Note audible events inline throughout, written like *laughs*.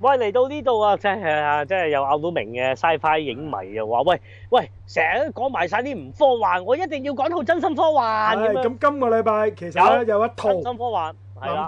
喂，嚟到呢度啊，真係啊，真係又拗到明嘅，Sci-Fi 影迷又話：喂喂，成日都講埋曬啲唔科幻，我一定要講套真心科幻。係，咁今個禮拜其實咧有一套真心科幻，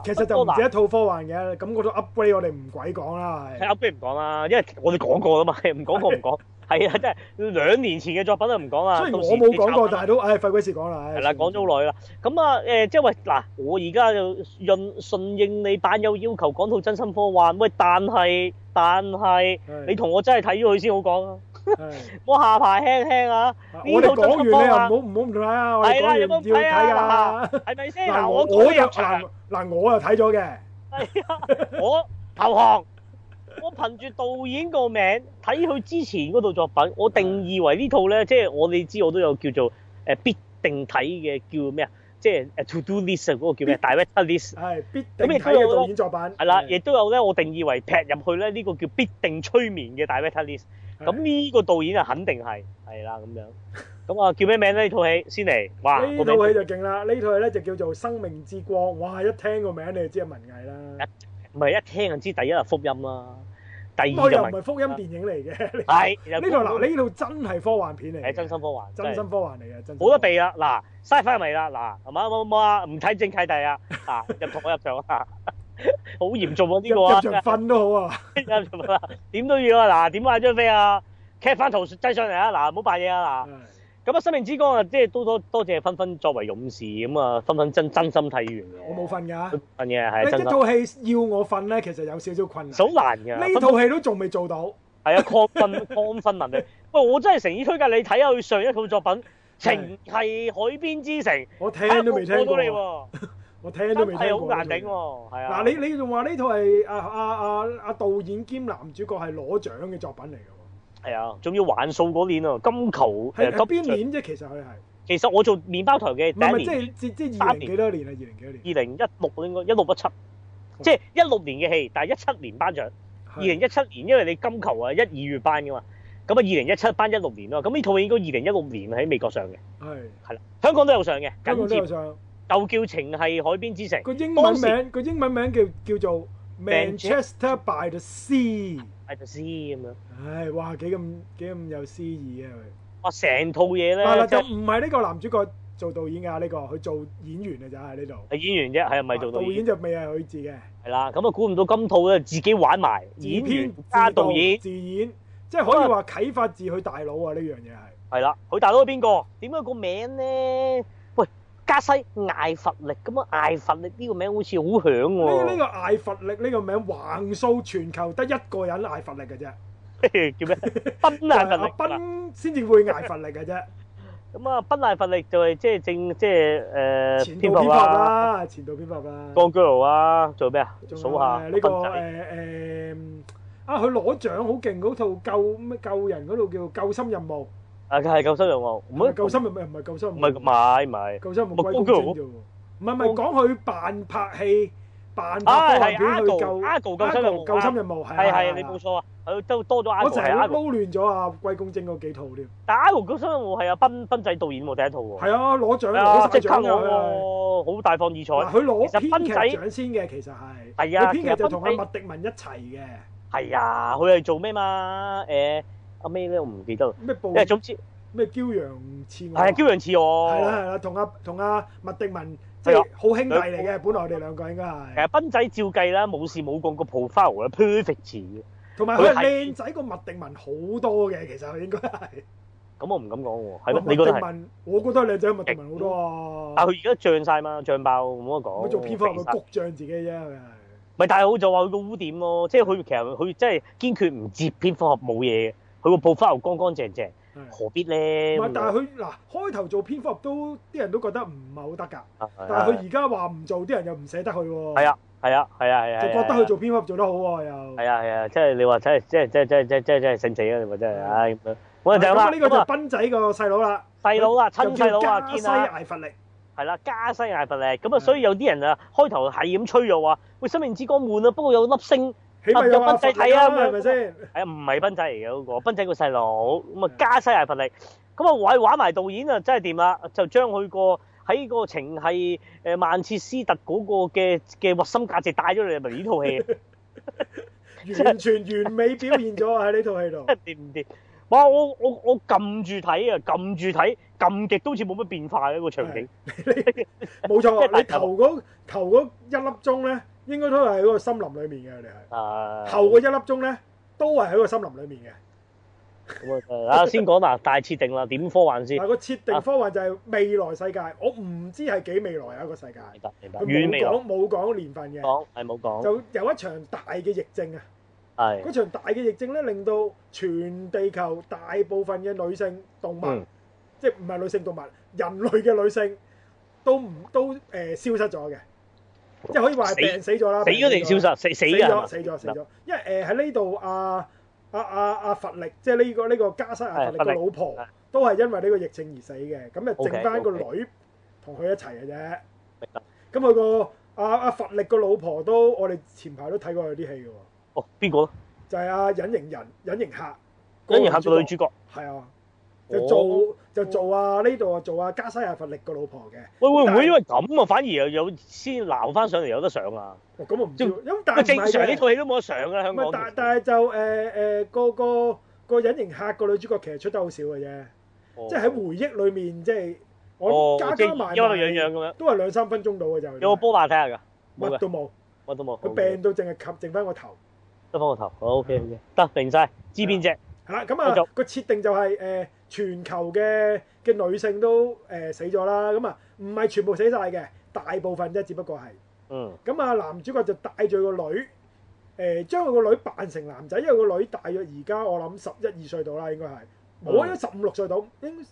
其實就唔止一套科幻嘅，咁我都 upgrade 我哋唔鬼講啦。係 upgrade 唔講啦，因為我哋講過㗎嘛，唔講我唔講。係啊，真係兩年前嘅作品都唔講啊。所以我冇講過，但係都唉，費鬼事講啦。係啦，講咗好耐啦。咁啊，誒，即係喂嗱，我而家就順順應你版友要求講套真心科幻。喂，但係但係你同我真係睇咗佢先好講啊。我下排輕輕啊。我哋講完你又唔好唔好唔睇啊！我哋講完照睇㗎。係咪先？嗱我又嗱我又睇咗嘅。我投降。我憑住導演個名睇佢之前嗰套作品，我定義為呢套咧，即係我哋知道我都有叫做誒必定睇嘅叫咩啊？即係誒 To Do List 嗰個叫咩 Direct List 係必定睇嘅導演作品。係啦，亦都有咧，有我定義為劈入去咧呢個叫必定催眠嘅 Direct List。咁呢個導演啊，肯定係係啦咁樣。咁 *laughs* 啊，叫咩名咧？呢套戲先嚟哇！呢套,套戲就勁啦！呢套咧就叫做《生命之光》。哇！一聽個名你就知係文藝啦，唔係一聽就知第一日福音啦。第二是、嗯、我又唔係福音電影嚟嘅，係呢度嗱呢真係科、啊、科幻片嚟，真心科幻，真心科幻嚟嘅，真冇得避啦，嗱嘥翻咪啦，嗱唔冇冇冇啊，唔睇正契弟啊，啊入同我入場啊， *laughs* 好嚴重喎呢個啊，瞓都好啊，啊入點都要啊嗱，點、啊、買張飛啊 cut 翻圖掙上嚟啊嗱，唔好扮嘢啊嗱。啊咁啊！《生命之光》啊，即係都多多謝分分作為勇士，咁啊分分真真心睇完嘅。我冇瞓噶，瞓嘅係。你一套戲要我瞓咧，其實有少少困難。好難㗎。呢套戲都仲未做到。係啊，亢 *laughs* 瞓，亢瞓能力。喂，我真係誠意推介你睇下佢上一套作品， *laughs* 《情繫海邊之城》。我聽都未聽過。哎、我聽都未聽，聽過你。真好難頂喎，係啊。嗱，你你仲話呢套係阿啊啊阿、啊、導演兼男主角係攞獎嘅作品嚟嘅。係啊，仲要還數嗰年啊，金球係邊年啫？其實佢係其實我做麵包台嘅第一年。唔係即係即即二零幾多年啊？二零幾多年？二零一六應該一六一七，即係一六年嘅戲，但係一七年頒獎。二零一七年，因為你金球啊一二月頒噶嘛，咁啊二零一七頒一六年咯。咁呢套應該二零一六年喺美國上嘅，係係啦，香港都有上嘅。緊接上舊叫情繫《海邊之城》嗰，個英文名，英文名、嗰個英文名叫叫做 Manchester by the Sea。咁樣，唉、哎，哇，幾咁幾咁有詩意啊！哇，成套嘢咧、啊，就唔係呢個男主角做導演噶，呢、呢個佢做演員啊，就喺呢度。係演員啫，係唔係做導演就未係佢字嘅。係啦，咁啊，估唔到今套咧自己玩埋演員加導演自導自演，即係可以話啟發自佢大佬啊！呢樣嘢係。係啦，佢大佬係邊個？點解個名咧？加西艾佛力咁啊！艾佛力呢個名好似好響喎。呢呢個艾佛力呢個名橫掃全球得一個人艾佛力嘅啫。叫咩？賓艾佛力。賓先至會艾佛力嘅啫。咁啊，賓艾佛力就係即係正即係誒，前度蝙蝠啦，前度蝙蝠啦。當居勞啊，做咩啊？數下呢個誒誒，啊，佢攞獎好勁嗰套救咩救人嗰套叫救心任務。啊！佢係救生任務喎，唔係救生任務，唔係救生，唔係唔係唔係。救生木桂公증啫喎，唔係唔係講佢扮拍戲，扮拍片去救救生任務，救生任務係啊係啊，你冇錯啊，佢都多咗。我就係撈亂咗啊，桂公증嗰幾套料。但係 Ivo 救生任務係啊，斌斌仔導演喎，第一套喎。係啊，攞獎攞晒獎嘅，好大放異彩。佢攞編劇獎先嘅，其實係。係啊，編劇就同阿麥迪文一齊嘅。係啊，佢係做咩嘛？誒。阿尾咧，我唔記得啦。咩暴？總之咩驕陽似我。係啊，驕陽似我。係啦，係啦，同阿同阿麥迪文即係好兄弟嚟嘅。本來我哋兩個應該係。其實賓仔照計啦，冇事冇過、個 profile 喎，perfect 嘅。同埋佢靚仔個麥迪文好多嘅，其實應該係。咁我唔敢講喎，係咯？你覺得我覺得靚仔麥迪文好多啊。但係佢而家漲晒嘛，漲爆冇得講。做蝙蝠俠焗脹自己啫，咪大係就話佢個污點咯，即係佢其實佢真係堅決唔接蝙蝠俠，冇嘢嘅佢個步花又乾乾淨淨、啊，何必咧？但係佢嗱開頭做蝙蝠俠都啲人都覺得唔係好得㗎。但係佢而家話唔做，啲人又唔捨得佢喎。係啊，係啊，係啊，係啊，啊，就覺得佢做蝙蝠俠做得好啊，又係啊，係啊，即係你話真係，即係即係即係即係即係死死啊！你話真係，唉、就是啊，我哋就係啦。呢個就斌仔個細佬啦，細佬啦，親細佬啊，西艾堅啊。係啦，加西艾佛力。咁啊，所以有啲人啊，開頭係咁吹咗話，喂，生命之光悶啊，不過有粒星。不是仔看啊，個、啊啊、賓仔睇啊，係咪先？係啊，唔係賓仔嚟嘅嗰個，賓仔個細佬。咁啊，加西亞佛力，咁啊，玩玩埋導演啊，真係掂啦。就將佢個喺個情係誒曼徹斯特嗰個嘅嘅核心價值帶咗嚟、啊，咪呢套戲。完全完美表現咗喺呢套戲度。掂唔掂？哇、 *laughs* 啊！我我我撳住睇啊，撳住睇，撳極都似冇乜變化嘅一個場景。你 *laughs* 冇 *laughs* 錯，你頭嗰頭嗰一粒鐘咧。應該都係喺個森林裏面，嘅，我哋係後嗰一粒鐘咧，都係喺個森林裏面嘅。咁啊，啊先講埋大設定啦，點科幻先？嗱個設定科幻就係未來世界，我唔知係幾未來有一個世界。明白，遠未講冇講年份嘅。講係冇講。就有一場大嘅疫症啊！係。嗰場大嘅疫症咧，令到全地球大部分嘅女性動物，即係唔係女性動物，人類嘅女性都唔都誒消失咗嘅。即係可以話病死咗啦，死咗定消失？死死咗，死咗，死咗。因為誒喺呢度阿阿阿阿佛力，即係呢、呢個呢、呢個加西阿佛力個老婆，都係因為呢個疫症而死嘅。咁、那個、啊，剩翻個女同佢一齊嘅啫。明。咁佢個阿阿佛力個老婆都，我哋前排都睇過佢啲戲嘅喎。哦，邊個？就係、是、阿、啊、隱形人、隱形客、隱形客嘅女主角。係啊。就做就做啊！呢度啊做啊！加西亞佛力個老婆嘅。喂，會唔會因為咁啊，反而又有先鬧翻上嚟，有得上啊。哦，咁我唔知。咁但係正常呢套戲都冇得上噶、啊、啦，香港。唔係，但但係就誒誒、呃、個個個隱形客個女主角其實出得好少嘅啫、哦。即係喺回憶裏面，即、就、係、是哦、我加加埋埋都係兩三分鐘到嘅就。有冇波霸睇下㗎？乜都冇。乜都冇。佢病到淨係及剩翻個頭。得翻個頭。好、哦、OK OK。得明晒，知邊隻？係、啊、啦，咁啊個設定就係、是、誒、呃、全球嘅嘅女性都誒、呃、死咗啦，咁啊唔係全部死晒嘅，大部分啫，只不過係。嗯。咁啊男主角就帶住個女，誒、呃、將佢個女扮成男仔，因為個女大約而家我諗十一二歲度啦，應該係。我覺得十五六歲度，應該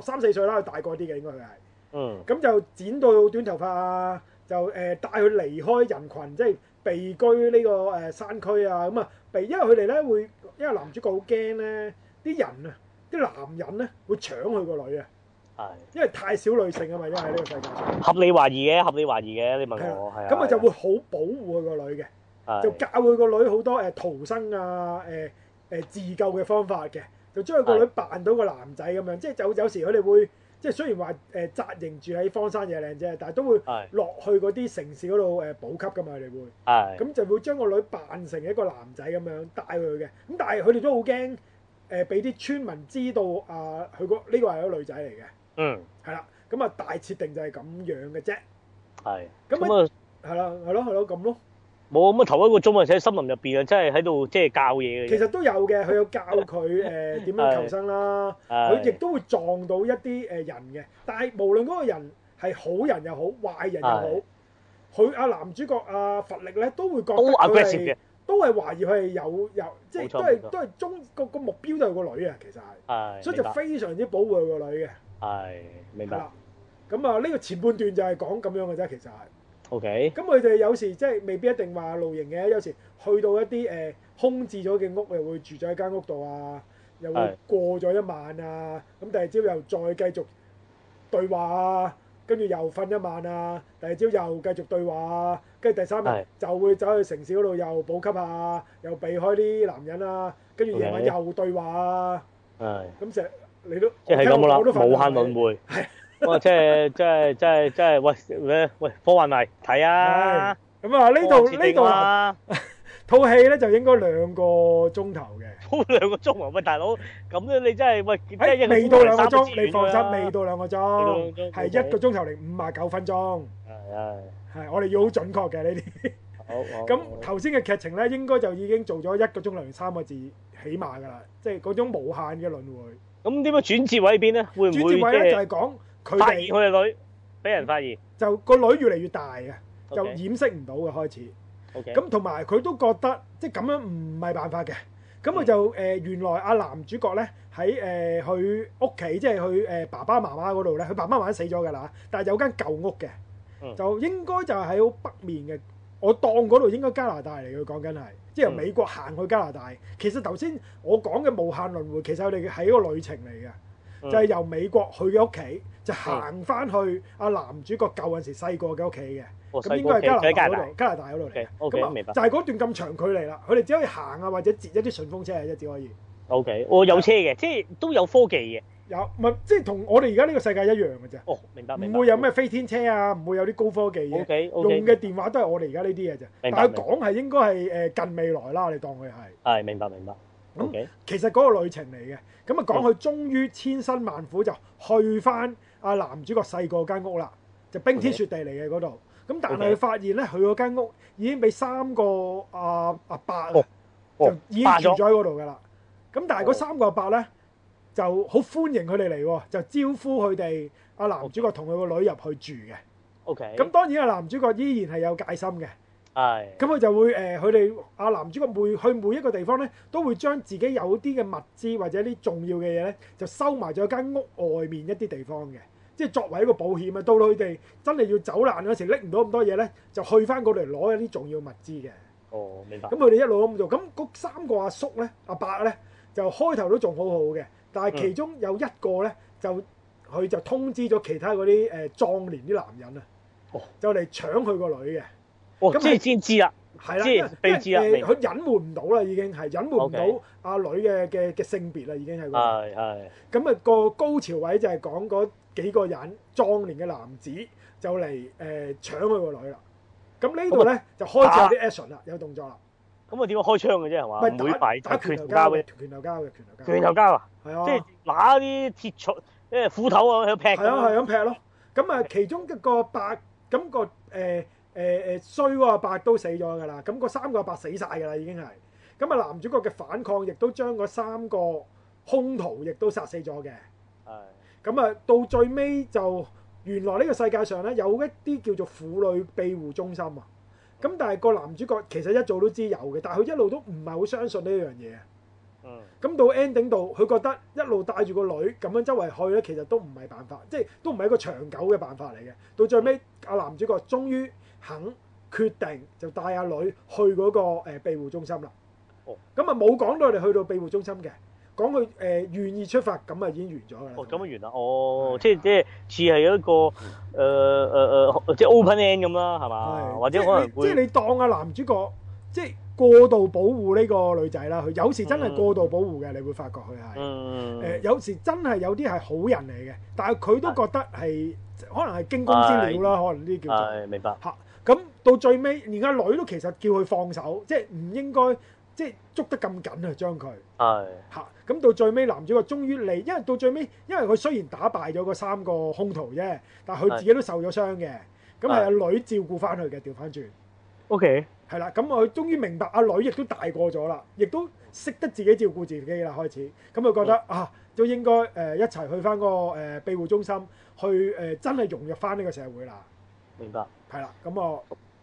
十三四歲啦，大個啲嘅應該佢係。嗯。咁就剪到短頭髮、啊，就誒、呃、帶佢離開人群，即係避居呢、這個誒、呃、山區啊，咁啊。因為佢哋咧會，因為男主角好驚咧，啲人啊，啲男人咧會搶佢個女啊，係，因為太少女性啊嘛，因為喺呢個世界上。合理懷疑嘅，合理懷疑嘅，你問我，係啊。咁啊就會好保護佢個女嘅，就教佢個女好多誒逃生啊、誒、誒、自救嘅方法嘅，就將佢個女扮到個男仔咁樣，即係走走時佢哋會。即係雖然話誒紮營住喺荒山野嶺啫，但係都會落去嗰啲城市嗰度誒補給噶嘛，佢哋會，咁就會將個女扮成一個男仔咁樣帶佢去嘅。咁但係佢哋都好驚誒，俾、呃、啲村民知道啊，佢、個呢、個係一個女仔嚟嘅。嗯，係啦，咁啊大設定就係咁樣嘅啫。係。咁啊，係啦，係咯，係咯，咁咯。冇咁啊！頭一個鐘啊，喺森林入邊啊，即係喺度即係教嘢嘅。其實都有嘅，佢有教佢誒點樣求生啦。佢亦都會撞到一啲誒人嘅。但係無論嗰個人係好人又好，壞人又好，佢 *laughs* 阿男主角阿佛力咧都會覺得都阿 v 嘅，都係懷疑佢係有有，即係都係都係中個個目標都係個女啊，其實係。係 *laughs* 所以就非常之保護佢個女嘅。係、 *laughs* *laughs* *laughs* 嗯。明白。咁啊，呢、這個前半段就係講咁樣嘅啫，其實係。O K，咁佢哋有時即係未必一定話露營嘅，有時去到一啲誒空置咗嘅屋，又會住咗喺間屋度啊，又會過咗一晚啊，咁第二朝又再繼續對話啊，跟住又瞓一晚啊，第二朝又繼續對話啊，跟住第三日就會走去城市嗰度又補給啊，又避開啲男人啊，跟住夜晚又對話啊，咁成日你都即係咁啦，我無限輪迴。哎我即係即係即係即係喂喂喂，科幻系睇啊！咁啊呢套呢套套戲咧就應該兩個鐘頭嘅，好兩個鐘啊！喂大佬，咁咧你真係喂，即係未到兩個鐘，你放心，未到兩個鐘，係一個鐘頭零五啊九分鐘。係係我哋要好準確嘅呢啲。好，咁頭先嘅劇情咧，應該就已經做咗一個鐘頭零三個字起碼噶啦，即係嗰種無限嘅輪迴。咁點樣轉折位喺邊咧？會唔會轉折位？佢哋佢哋女俾人發現，就個女越嚟越大嘅，就掩飾唔到嘅開始。咁同埋佢都覺得即係咁樣唔係辦法嘅，咁佢就、嗯、原來阿男主角咧喺誒佢屋企，即係佢爸爸媽媽嗰度咧，佢爸爸媽媽死咗㗎啦，但係有間舊屋嘅，就應該就係喺好北面嘅，我當嗰度應該加拿大嚟嘅，講緊係即係由美國行去加拿大。嗯、其實頭先我講嘅無限輪迴，其實我哋係一個旅程嚟嘅。就係、是、由美國去嘅屋企，就行翻去阿男主角舊陣時細個嘅屋企嘅。咁、嗯、應該係加拿大嗰度，加拿大嗰度嚟嘅。咁啊，okay, okay, 就係嗰段咁長距離啦，佢哋只可以行啊，或者截一啲順風車啊，啫只可以。O、okay, K，我有車嘅、嗯，即係都有科技嘅。有，唔即係同我哋而家呢個世界一樣嘅啫。哦，明白。唔會有咩飛天車啊，唔會有啲高科技嘅。Okay, okay, 用嘅電話都係我哋而家呢啲嘢啫。但係講係應該係誒近未來啦，我哋當佢係。係，明白明白。咁、okay. 其實嗰個旅程嚟嘅。咁啊講佢終於千辛萬苦就去翻阿男主角細個間屋啦，就冰天雪地嚟嘅嗰度。咁、okay. 但係佢發現咧，佢嗰間屋已經俾三個阿阿、啊、伯 oh. Oh. 就已經住咗喺嗰度噶啦。咁、Oh. Oh. 但係嗰三個阿伯咧，就好歡迎佢哋嚟喎，就招呼佢哋阿男主角同佢個女入去住嘅。咁、okay. 當然阿男主角依然係有戒心嘅。係、嗯，咁佢就會誒，佢哋阿男主角每去每一個地方咧，都會將自己有啲嘅物資或者啲重要嘅嘢咧，就收埋咗間屋外面一啲地方嘅，即係作為一個保險啊。到到佢哋真係要走難嗰時拎唔到咁多嘢咧，就去翻嗰度攞一啲重要物資嘅。哦，明白。咁佢哋一路咁做，咁嗰三個阿叔咧，阿伯咧，就開頭都仲好好嘅，但係其中有一個咧、嗯，就佢就通知咗其他嗰啲誒壯年啲男人啊、哦，就嚟搶佢個女嘅。哦，即知知知啦，係啦，被知啦，明。佢隱瞞唔到啦，已經係隱瞞唔到阿女嘅嘅嘅性別啦，okay, 已經係。係係。咁啊，個高潮位就係講嗰幾個人壯年嘅男子就嚟誒、呃、搶佢個女啦。咁呢度咧就開始有啲 action 啦，有動作啦。咁啊，點樣開槍嘅啫，係嘛？唔會拳打拳頭交嘅，拳頭交嘅拳頭交。拳頭交啊？係啊。即係拿啲鐵錘、啲斧頭啊，去劈。係啊，係咁劈咯。咁啊，其中一個白咁、嗰個、呃誒誒衰個阿伯都死咗㗎啦，咁個三個阿伯死晒㗎啦已經係，咁啊男主角嘅反抗亦都將嗰三個兇徒亦都殺死咗嘅。係。咁啊到最尾就原來呢個世界上咧有一啲叫做婦女庇護中心啊，咁但係個男主角其實一早都知有嘅，但係佢一路都唔係好相信呢樣嘢。嗯。咁到 ending 度，佢覺得一路帶住個女咁樣周圍去咧，其實都唔係辦法，即係都唔係一個長久嘅辦法嚟嘅。到最尾阿、嗯、男主角終於。肯決定就帶阿女去嗰個誒庇護中心啦。哦。咁啊冇講到佢哋去到庇護中心嘅，講佢誒願意出發，咁啊已經完咗啦。哦，咁啊完啦，哦，即係即係似係一個誒誒誒即係 open end 咁啦，係嘛？係。或者可能即係你當阿男主角，即係過度保護呢個女仔啦。佢有時真係過度保護嘅，你會發覺佢係誒有時真係有啲係好人嚟嘅，但係佢都覺得係可能係驚弓之鳥啦，可能呢啲叫做係明白。嚇！咁到最尾，連阿女都其實叫佢放手，即係唔應該，即、就、係、是、捉得咁緊啊，將佢係嚇。咁、哎、到最尾，男主角終於嚟，因為到最尾，因為佢雖然打敗咗嗰三個兇徒啫，但係佢自己都受咗傷嘅。咁係阿女照顧翻佢嘅，調翻轉。O、okay. K。係啦，咁佢終於明白阿女亦都大個咗啦，亦都識得自己照顧自己啦。開始咁，佢覺得、嗯、啊，都應該誒、呃、一齊去翻、那個誒、呃、庇護中心，去誒、呃、真係融入翻呢個社會啦。明白，係啦，咁、嗰個、啊，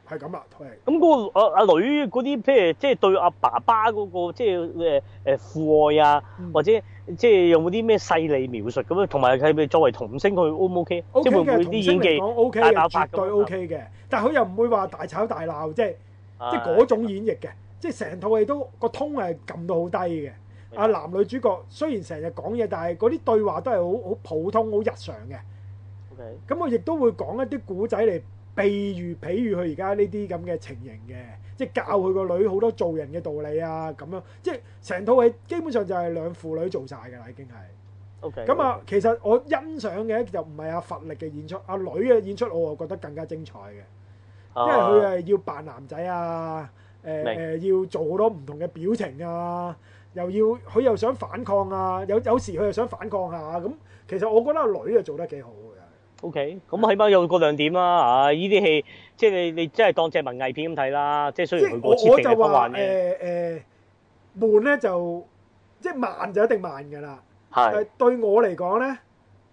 係咁啦，套戲。咁嗰個阿阿女嗰啲，即係即係對阿爸爸嗰、嗰個，即係誒誒父愛啊，嗯、或者即係有冇啲咩細膩描述咁樣、OK? OK？同埋係咪作為童星佢 O 唔 OK？O K 嘅，啲演技童星嚟講，絕對 O K 嘅，但係佢又唔會話大吵大鬧，即係即係嗰種演繹嘅，即係成套戲都、嗰個通係撳到好低嘅。阿男女主角雖然成日講嘢，但係嗰啲對話都係好好普通、好日常嘅。咁我亦都會講一啲古仔嚟譬喻，譬喻佢而家呢啲咁嘅情形嘅，即係教佢個女好多做人嘅道理啊，咁樣即係成套戲基本上就係兩父女做晒㗎啦，已經係。O K. 咁啊，okay. 其實我欣賞嘅就唔係阿佛力嘅演出，阿女嘅演出我覺得更加精彩嘅，因為佢係要扮男仔啊，誒、uh, 誒、呃、要做好多唔同嘅表情啊，又要佢又想反抗啊，有有時佢又想反抗下、啊，咁其實我覺得阿女啊做得幾好。O K，咁起碼有個亮點啦嚇！依、啊、啲戲即係你你真係當隻文藝片咁睇啦，即係雖然佢個設定係不完美。誒悶咧就、呃呃、呢就即係慢就一定慢㗎啦。係。但對我嚟講咧，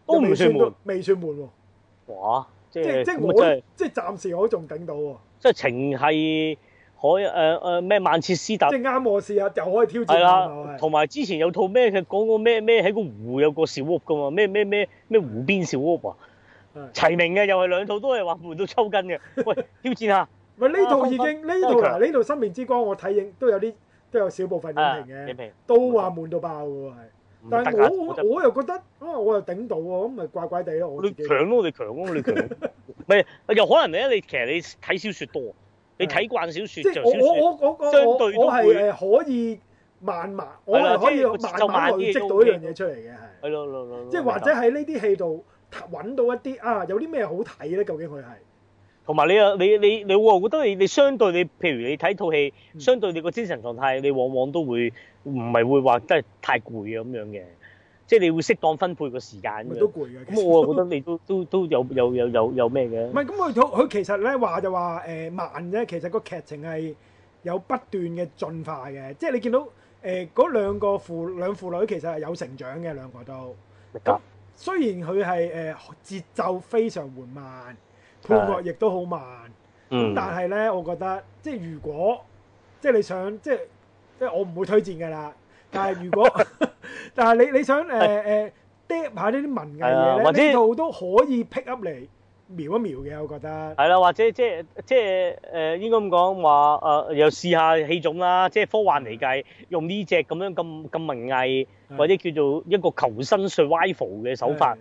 都唔算悶，未算悶喎。哇！即即即係暫時我仲頂到喎。即係情係可誒誒咩曼切斯特？即係啱我試下就可以挑戰下。係啦。同埋之前有套咩嘅講個咩咩喺個湖有個小屋㗎嘛？咩咩咩咩湖邊小屋啊！齊名嘅又係兩套都係話悶到抽筋嘅， *laughs* 喂挑戰下。喂，呢套已經呢套嗱呢套《生、啊、命、這個啊、之光》啊，我睇影都有啲都有少部分影評嘅，影評、啊、都話悶到爆嘅喎但係我我又覺得，覺得啊，我又頂到喎，咁咪怪怪地咯。我你強咯，我哋強咯，我哋強。唔 *laughs* 係又可能咧？你其實你睇小說多，你睇慣小說就小說。我我我我我對我係可以慢慢，我係可以慢慢去積到呢樣嘢出嚟嘅係。係咯，即係或者喺呢啲戲度。揾到一啲啊，有啲咩好睇咧？究竟佢係同埋你又你你你我覺得你你相對你譬如你睇套戲，相對你個精神狀態，你往往都會唔係會話真係太攰啊咁樣嘅，即係你會適當分配個時間。都攰嘅。咁我啊覺得你都都都有有有有有咩嘅？唔係咁佢套佢其實咧話就話誒慢啫，其實個劇情係有不斷嘅進化嘅，即係你見到誒嗰兩個父兩父女其實係有成長嘅，兩個都。得。雖然佢係誒節奏非常緩慢，配樂亦都好慢，咁、嗯、但係咧，我覺得即係如果即係你想即係即係我唔會推薦㗎啦。但係如果 *laughs* 但係你你想誒誒 deep 下呢啲文藝嘢咧，呢度都可以 pick up 嚟。描一描嘅，我覺得係啦，或者即係即係誒，應該咁講話誒，又試下氣種啦，即係科幻嚟計，用呢隻咁樣咁咁文藝或者叫做一個求生 survival 嘅手法，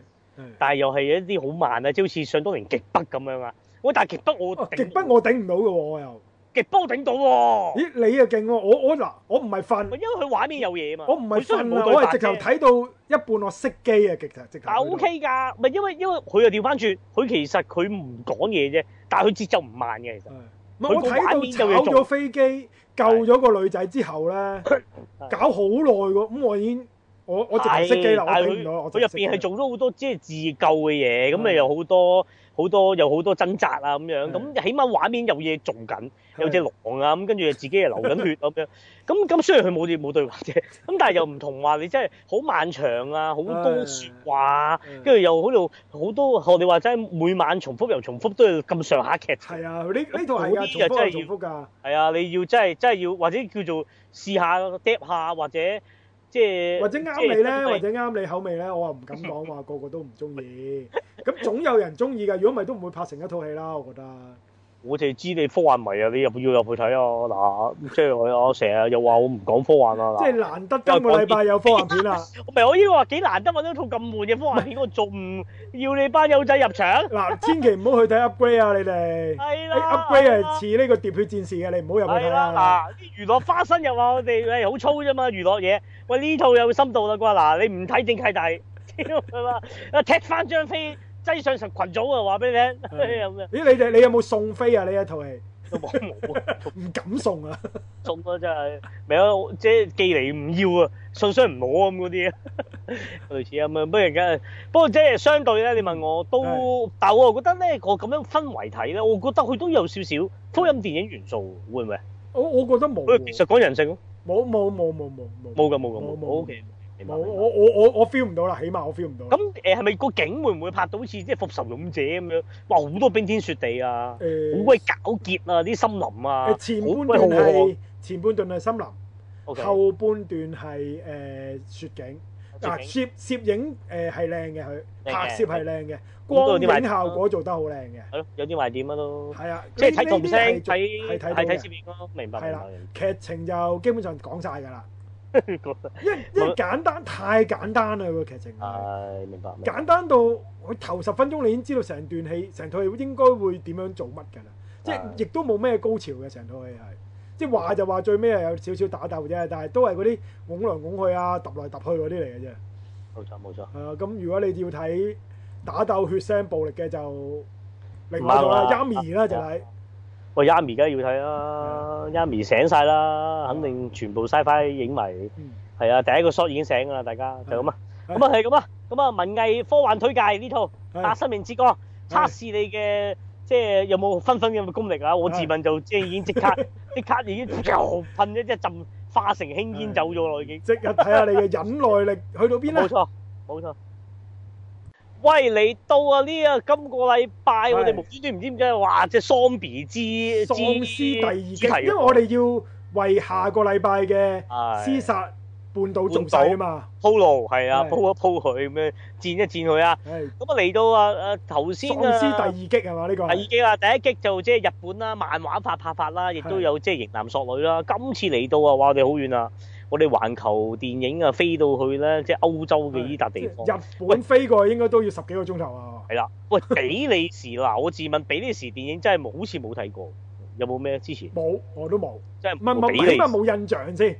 但係又係一啲好慢啊，即係好似上多年極北咁樣啊。喂，但係極北我極北我頂唔到嘅喎，我又。極包頂到喎、哦！咦，你又勁喎！我我嗱，我唔係瞓，因為佢畫面有嘢嘛。我唔係瞓啊，我係直頭睇到一半我熄機啊！極頭，但係 O K 㗎，唔係因為因為佢又調翻轉，佢其實佢唔講嘢啫，但係佢節奏唔慢嘅其實。我睇到救咗飛機、救咗個女仔之後咧，搞好耐喎。咁我已經我我直頭熄機啦，佢入邊係做咗好多即係、就是、自救嘅嘢，咁啊有好多好多有好多掙扎啊咁樣，咁起碼畫面有嘢做緊。有隻狼啊，咁跟住自己又流緊血咁樣，咁 *laughs* 咁雖然佢冇啲冇對白啫，咁但係又唔同話你真係好漫長啊，好 *laughs* 多說話，跟住又好多學你話齋，係每晚重複又重複，都係咁上下劇情。係啊，呢呢套係啊，重真係重複㗎。係啊，你要真係真係要，或者叫做試下 dip 下，或者即係或者啱你咧，或者啱你，你口味咧，我唔敢講話 *laughs* 個個都唔中意。咁總有人中意㗎，如果唔係都唔會拍成一套戲啦，我覺得。我就知道你科幻迷啊！你入要入去睇啊！嗱，即係我我成日又話我唔講科幻啊！即係難得今個禮拜有科幻片啊！我咪可以話幾難得揾到套咁悶嘅科幻片，我仲唔要你班友仔入場。嗱，千祈唔好去睇 Upgrade 啊！你哋係啦，Upgrade 係似呢個喋血戰士嘅，你唔好入去睇啦，嗱，啲娛樂花生又話我哋好粗啫嘛，娛樂嘢喂呢套有深度啦啩，嗱你唔睇正契弟，知啊？擠上層群組啊！話俾你聽，咦？你哋你有冇送飛啊？你一套戲都冇冇，唔敢送啊！送啊真係，未啊？即係寄嚟唔要啊，信箱唔好啊。咁嗰啲啊，類似咁樣啊。不過而家不過即係相對咧，你問我都，但我又覺得咧我咁樣氛圍睇咧，我覺得佢都有少少福音電影元素，會唔會？我我覺得冇。其實講人性。冇冇冇冇冇冇。冇噶冇噶冇。我我我我我 feel 唔到啦，起碼我 feel 唔到。咁誒係咪個景會唔會拍到好似即係《復仇勇者》咁樣？哇，好多冰天雪地啊！誒，好鬼夾，好結啊！啲森林啊！前半段係前半段係森林，後半段係誒雪景。嗱，攝攝影誒係靚嘅，佢拍攝係靚嘅，光線效果做得好靚嘅。係咯，有啲壞點咯。係啊，即係睇動聲睇睇睇攝影咯，明白。係啦，劇情就基本上講晒㗎啦。因為因為簡單，太簡單啦個劇情係，簡單到佢頭十分鐘你已經知道成段戲，成套戲應該會點樣做乜噶啦，即係亦都冇咩高潮嘅成套戲係，即係話就話最尾係有少少打鬥啫，但係都係嗰啲拱來拱去，打來打去啊，揼來揼去嗰啲嚟嘅啫。冇錯冇錯。係啊，咁如果你要睇打鬥、血腥、暴力嘅就，明白啦，Yummy 啦就係、是。我 Yummy 而家要睇啦 Yummy 醒晒啦、啊嗯，肯定全部 Sci-Fi 影迷。係、嗯、啊，第一個 shot 已經醒啦，大家、嗯、就咁啊。咁啊係咁啊，咁、就、啊、是嗯、文藝科幻推介呢套《生命之光》嗯，測試你嘅即係有冇分分咁嘅功力啊！我自問就、嗯、即係已經即刻，即 *laughs* 刻已經又噴一浸化成輕煙走咗咯、嗯、已即刻睇下你嘅忍耐力 *laughs* 去到邊啦。冇錯，冇錯。喂，嚟到啊呢個今個禮拜，我哋無端端唔知點解，哇！即係喪屍之喪屍第二擊啊！因為我哋要為下個禮拜嘅屍殺半島做勢啊嘛，鋪路係啊，鋪一鋪佢咁樣戰一戰佢啊。咁啊，嚟到啊啊頭先喪屍第二擊係嘛呢個？第二擊啊，第一擊就即係日本啦，漫畫化拍法啦，亦都有即係型男索女啦。今次嚟到啊，哇！我哋好遠啊。我哋環球電影啊，飛到去咧，即係歐洲嘅呢達地方。日本飛過去應該都要十幾個鐘頭啊。係啦，喂，比利時，我自問比利時電影真係冇，好似冇睇過，有冇咩支持？冇，我都冇。真係唔係唔係，點解冇印象先？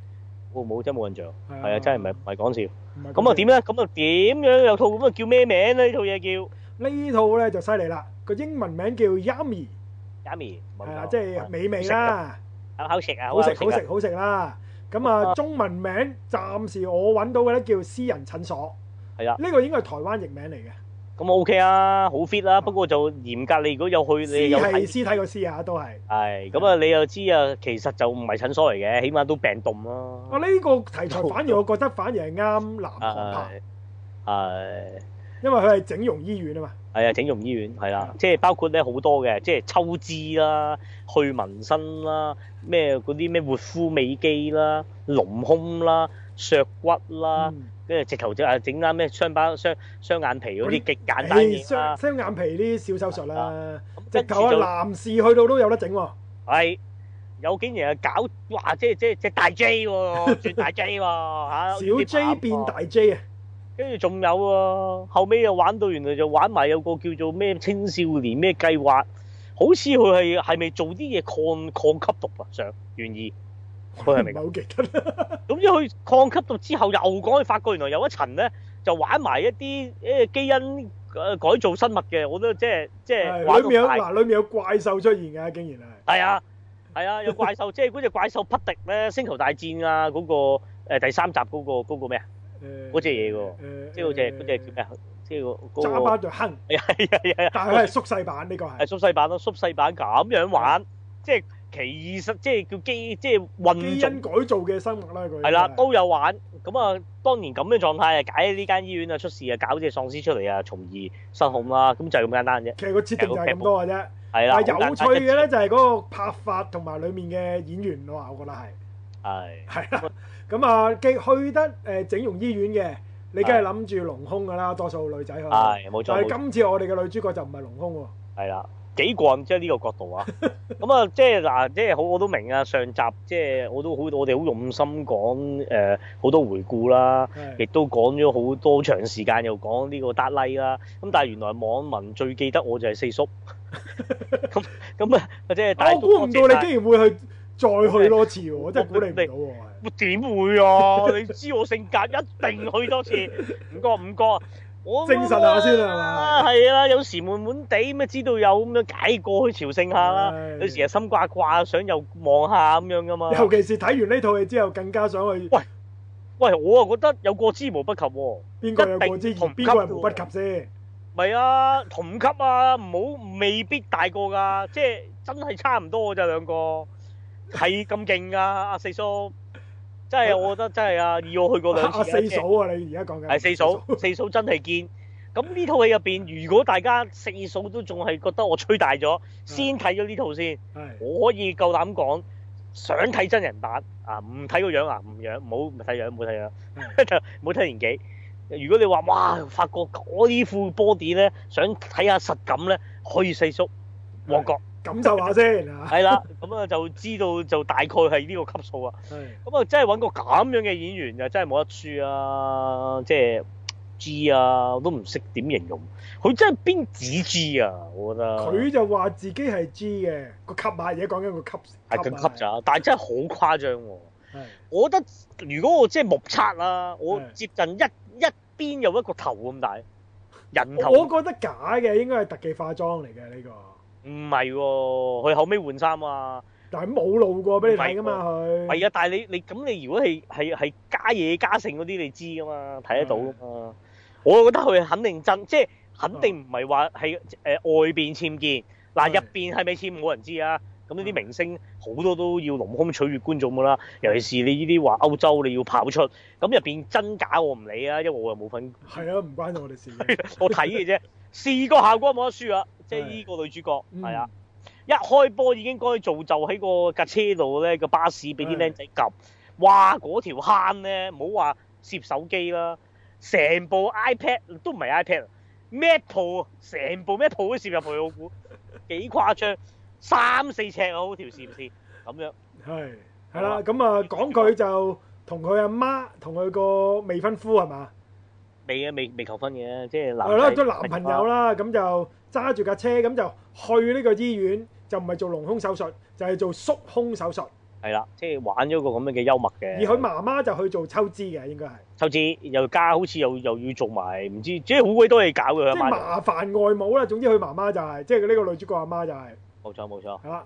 我冇，真係冇印象。係啊，真係唔係唔係講笑。咁啊點咧？咁啊點樣？有套咁啊叫咩名咧？呢套嘢，叫呢套咧就犀利啦！個英文名叫 Yummy，Yummy，係啦，即係美味啦，好好食啊，好食好食好食啦。咁啊，中文名暫時我揾到嘅咧叫屍人診所，係啊，呢個應該係台灣譯名嚟嘅。咁 OK 啊，好 fit 啦，不過就嚴格、嗯、你如果有去，你有屍係屍體個屍啊，都係。係、哎，咁啊，你又知啊，其實就唔係診所嚟嘅，起碼都病棟啦。啊，呢、呢個題材反而我覺得反而係啱男拍、哎哎，因為佢係整容醫院啊嘛。係啊，整容醫院係啦，即係包括咧好多嘅，即係抽脂啦、去紋身啦、咩嗰啲咩活膚美肌啦、隆胸啦、削骨啦，跟、嗯、住直頭就啊整啱咩雙包雙雙眼皮嗰啲極簡單嘅雙眼皮呢啲小手術啦、啊，直頭啊男士去到都有得整喎、啊。有幾年係搞哇？即係即係隻大 J 喎、啊，大 J 喎、啊、 *laughs* 小 J、啊、變大 J 啊！跟住仲有啊，後尾又玩到原來就玩埋有個叫做咩青少年咩計劃，好似佢係係咪做啲嘢抗抗吸毒啊？上原意，我係唔係好記得，咁之佢抗吸毒之後又講去發覺原來有一層咧，就玩埋一啲、呃、基因改造生物嘅，我都即係即係玩到大裏面有裏面有怪獸出現啊，竟然係。係啊，係啊，有怪獸， *laughs* 即係嗰隻怪獸匹敵咧，《星球大戰》啊，嗰、那個、呃、第三集嗰、那個嗰咩啊？那個那個嗰隻嘢喎，即係嗰隻嗰隻叫咩啊？即係個揸翻就哼，係係係，但係佢係縮細版呢個係，係縮細版咯，縮細版咁樣玩，即係其實即係叫基因即係混種改造嘅生物啦，嗰個係啦，都有玩。咁啊，當年咁嘅狀態啊，解呢間醫院啊出事啊，搞隻喪屍出嚟啊，從而失控啦。咁就係咁簡單啫。其實個設定就係咁多嘅啫。係啦，有趣嘅咧就係嗰個拍法同埋裡面嘅演員咯，我話我覺得係係係啦。咁啊，既去得整容醫院嘅，你梗係諗住隆胸噶啦，多數女仔去係冇錯。但係今次我哋嘅女主角就唔係隆胸喎。係啦，幾個人即係呢個角度啊？咁 *laughs* 啊，即係嗱，即係好，我都明啊。上集即係我都好，我哋好用心講、呃、好多回顧啦，亦都講咗好多長時間又講呢個達拉啦。咁但係原來網民最記得我就係四叔。咁咁啊，即係 *laughs* 我估唔到你竟然會去，再去多次喎，我真係估你唔到喎。點會啊？你知我性格，一定去多次。唔過，唔過啊！精神下先係嘛？係啊，有時悶悶地，咩知道有咁樣解過去朝聖下啦。有時又心掛掛，想又望下咁樣噶嘛。尤其是睇完呢套戲之後，更加想去。喂喂，我啊覺得有過之無不及喎。邊個係過之？邊個係無不及先？唔係啊，同級啊，唔好未必大過㗎，即係真係差唔多㗎咋兩個。睇咁勁噶，阿四叔，真係我覺得真係啊。二， *laughs* 我去過兩次。 *laughs* 四嫂啊，你而家講緊？係四嫂， *laughs* 四嫂真係堅。咁呢套戲入邊，如果大家四嫂都仲係覺得我吹大咗， *laughs* 先睇咗呢套先， *laughs* 我可以夠膽講，想睇真人版啊，唔睇個樣啊，唔樣，唔好唔睇樣，唔好睇樣，就唔好睇年紀，如果你話哇，發覺嗰啲副波點咧，想睇下實感咧，可以四叔旺角。感受下先，係 *laughs* 啦，咁啊就知道就大概係呢個級數啊。咁啊，真係揾個咁樣嘅演員就真係冇得輸啊！即係 G 啊，我都唔識點形容，佢真係邊止 G 啊？我覺得佢就話自己係 G 嘅個級，下嘢講緊個級係，啊、咁級咋，但係真係好誇張。我覺得如果我即係目測啦，啊，我接近一一邊有一個頭咁大人頭，我覺得假嘅，應該係特技化妝嚟嘅呢個。唔係喎，佢後尾換衫啊！但係冇路過俾你睇噶嘛，佢係啊！但係你你咁你如果係係係加嘢加成嗰啲，你知噶嘛，睇得到噶嘛。我覺得佢肯定真，即係肯定唔係話係外邊簽建嗱，入、啊呃、面係咪僭冇人知啊？咁呢啲明星好多都要隆胸取悅觀眾噶啦，尤其是你呢啲話歐洲你要跑出咁入面真假我唔理啊，因為我又冇份。係啊，唔關我哋事， *laughs* 我睇嘅啫，視覺效果冇得輸啊！即係呢個女主角係啊、嗯，一開波已經該做就喺個架車度咧，個巴士俾啲僆仔撳，哇嗰條慳呢，唔好話攝手機啦，成部 iPad 都唔係 iPad，MacBook 啊，成部 MacBook 都攝入去， *laughs* 我估幾誇張，三四尺啊，嗰條線唔線咁樣？係係啦，咁啊講佢就同佢阿媽同佢個未婚夫係嘛？未嘅，未未求婚嘅，即係男。係咯，都男朋友啦，咁就揸住架車，咁就去呢個醫院，就唔係做隆胸手術，就係做縮胸手術。係啦，即係玩咗個咁樣嘅幽默嘅。而佢媽媽就去做抽脂嘅，應該係。抽脂又加好似又又要做埋，唔知即係好鬼多嘢搞嘅。即係麻煩外母啦。總之佢媽媽就係，即係呢個女主角阿媽就係。冇錯冇錯。係啦，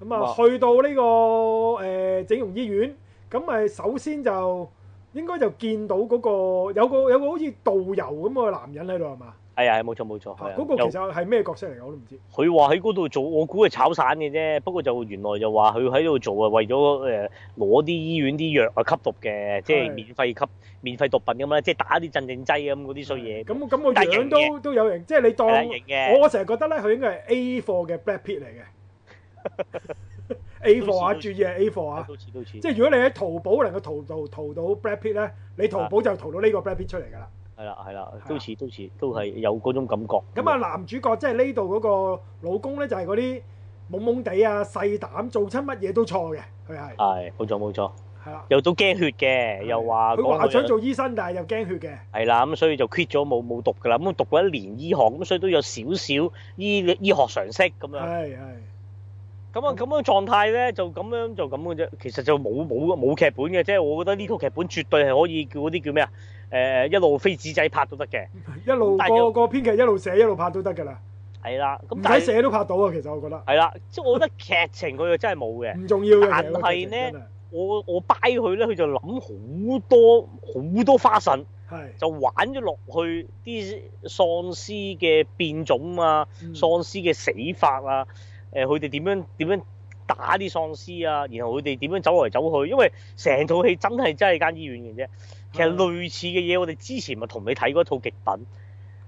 咁啊，去到呢個誒整容醫院，咁咪首先就。應該就見到嗰個有個有個好似導遊咁嘅男人喺度係嘛？係啊，冇錯冇錯，嗰個其實係咩角色嚟嘅我都唔知。佢話喺嗰度做，我估係炒散嘅啫。不過就原來就話佢喺度做係為咗誒攞啲醫院啲藥啊吸毒嘅，即係免費吸免費毒品咁樣，即係打啲鎮靜劑咁嗰啲衰嘢。咁咁我樣都都有型，即係你當型嘅，我成日覺得咧，佢應該係 A 貨嘅 Black Pit 嚟嘅。 *laughs* A 貨啊，注意係 A 貨啊！都似都似。即係如果你喺淘寶能夠淘到淘到 Black Pit 咧，你淘寶、啊、就淘到呢個 Black Pit 出嚟㗎啦。係啦，係啦，都似都似都係有嗰種感覺。咁啊，男主角即係呢度嗰個老公咧，就係嗰啲懵懵地啊、細膽，做親乜嘢都錯嘅。佢係係冇錯冇錯，係啦，又都驚血嘅，又話佢話想做醫生，但係又驚血嘅。係啦，咁所以就 quit 咗冇冇讀㗎啦。咁讀過一年醫學，咁所以都有少少醫醫學常識咁樣。係係。咁啊，咁樣狀態咧，就咁樣就咁嘅啫。其實就冇冇冇劇本嘅即係。我覺得呢個劇本絕對係可以叫嗰啲叫咩啊？誒、呃，一路飛紙仔拍都得嘅，一路個、嗰個編劇一路寫一路拍都得嘅啦。係啦，咁唔使寫都拍到啊。其實我覺得係啦，即係我覺得劇情佢又真係冇嘅，唔重要嘅，但係咧，我我掰佢咧，佢就諗好多好多花臣，就玩咗落去啲喪屍嘅變種啊，嗯、喪屍嘅死法啊。誒，佢哋點樣點樣打啲喪屍啊？然後佢哋點樣走嚟走去？因為成套戲真係真係間醫院嘅啫。其實類似嘅嘢，我哋之前咪同你睇過一套極品。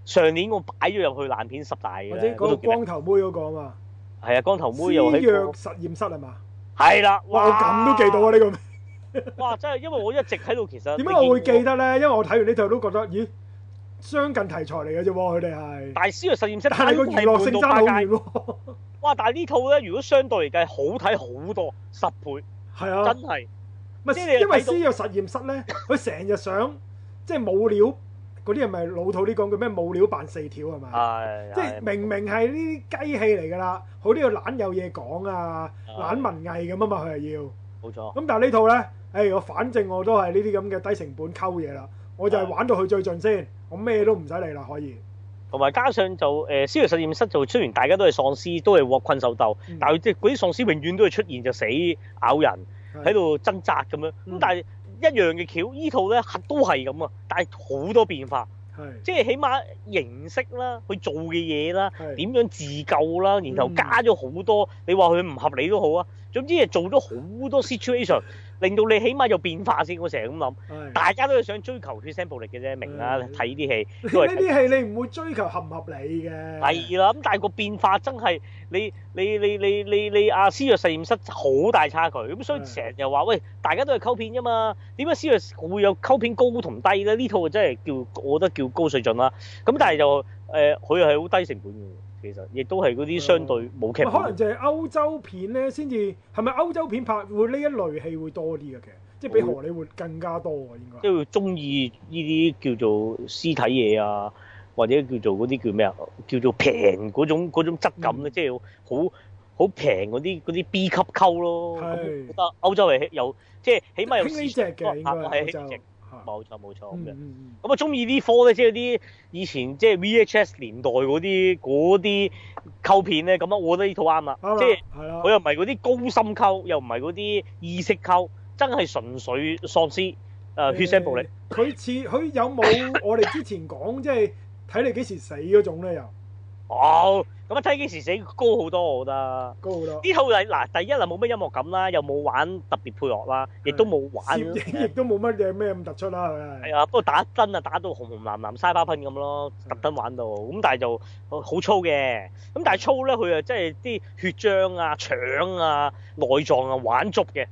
上年我擺咗入去爛片十大嘅。或者講光頭妹嗰、嗰個嗰個嗰個、個嘛？係啊，光頭妹又喺、嗰個。私藥實驗室係嘛？係啦、啊。哇！我咁都記到啊呢個。哇！真係因為我一直喺度其實。點解我會記得咧？因為我睇完呢套都覺得，咦，相近題材嚟嘅啫喎，佢哋係。私藥實驗室，但係個娛樂性爭好遠喎 *laughs* 哇！但係呢套咧，如果相對嚟計，好睇好多十倍，係啊，真係。唔係因為先有實驗室咧，佢成日想即係冇料嗰啲人咪老套啲講叫咩冇料扮四條係咪？係、哎哎哎、即係明明係呢啲機器嚟㗎啦，佢呢個懶有嘢講啊哎哎，懶文藝咁啊嘛，佢又要冇錯。咁但係呢套咧，誒、哎、我反正我都係呢啲咁嘅低成本溝嘢啦，我就係玩到佢最盡先、哎哎，我咩都唔使理啦，可以。同埋加上就，誒，消極實驗室就雖然大家都係喪屍，都係獲困獸鬥、嗯，但係即嗰啲喪屍永遠都係出現就死咬人，喺度掙扎咁樣，咁、嗯、但係一樣嘅橋依套咧都係咁啊，但係好多變化，即係起碼形式啦，去做嘅嘢啦，點樣自救啦，然後加咗好多。嗯、你話佢唔合理都好啊，總之係做咗好多 situation。令到你起碼有變化先，我成日咁諗。大家都係想追求血腥暴力嘅啫，明啦？睇呢啲戲，呢啲戲你唔會追求合唔合理嘅。係啦，咁但係個變化真係你你你你你你阿施藥實驗室好大差距咁，所以成日又話喂，大家都係溝片啫嘛？點解施藥會有溝片高同低咧？呢套真係叫我覺得叫高水準啦。咁但係就，誒、呃，佢係好低成本嘅。其實亦都係嗰啲相對冇劇，可能就係歐洲片咧，先至係咪歐洲片拍會呢一類戲會多啲嘅？其實即係比荷里活更加多嘅，應該會，因為中意呢啲叫做屍體嘢啊，或者叫做嗰啲叫咩啊，叫做平嗰種嗰種質感嘅，即係好好平嗰啲嗰啲 B 級溝咯。覺得歐洲係有，即係起碼有屍嘅，拍冇錯冇、嗯、錯咁嘅，咁啊鍾意啲科咧，即係啲以前即係 VHS 年代嗰啲嗰啲溝片咧，咁啊，我覺得呢套啱啦，即係佢又唔係嗰啲高深溝，又唔係嗰啲意識溝，真係純粹喪屍誒血腥暴力。佢似佢有冇我哋之前講即係睇你幾時死嗰種咧又？哦。咁啊！睇幾時死高好多，我覺得高好多呢套嚟嗱。第一啦，冇乜音樂感啦，又冇玩特別配樂啦，亦都冇玩，亦都冇乜嘢咩咁突出啦，啊，不過打燈啊，打到紅紅藍藍沙巴噴咁咯，特登玩到咁，但係就好粗嘅。咁但係粗咧，佢啊即係啲血漿啊、腸啊、內臟啊玩足嘅，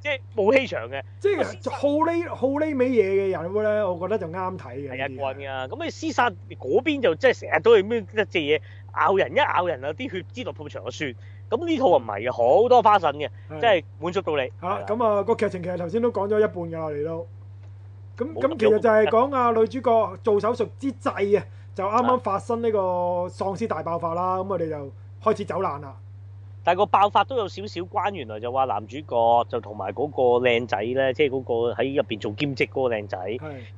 即係冇氣場嘅。即係好，好呢好呢味嘢嘅人咧，我覺得就啱睇嘅。係一棍嘅。咁你廝殺嗰邊就即係成日都係咩一隻嘢。咬人一咬人啊，啲血知道鋪牆嘅算，咁呢套啊唔係嘅，好多花神嘅，即係滿足到你嚇。咁啊，啊，啊、嗰個劇情其實頭先都講咗一半㗎啦，嚟到，咁咁其實就係講啊 *laughs* 女主角做手術之際啊，就啱啱發生呢個喪屍大爆發啦，咁我哋就開始走難啦。但係個爆發都有少少關，原來就話男主角就同埋嗰個靚仔咧，即係嗰個喺入面做兼職嗰個靚仔。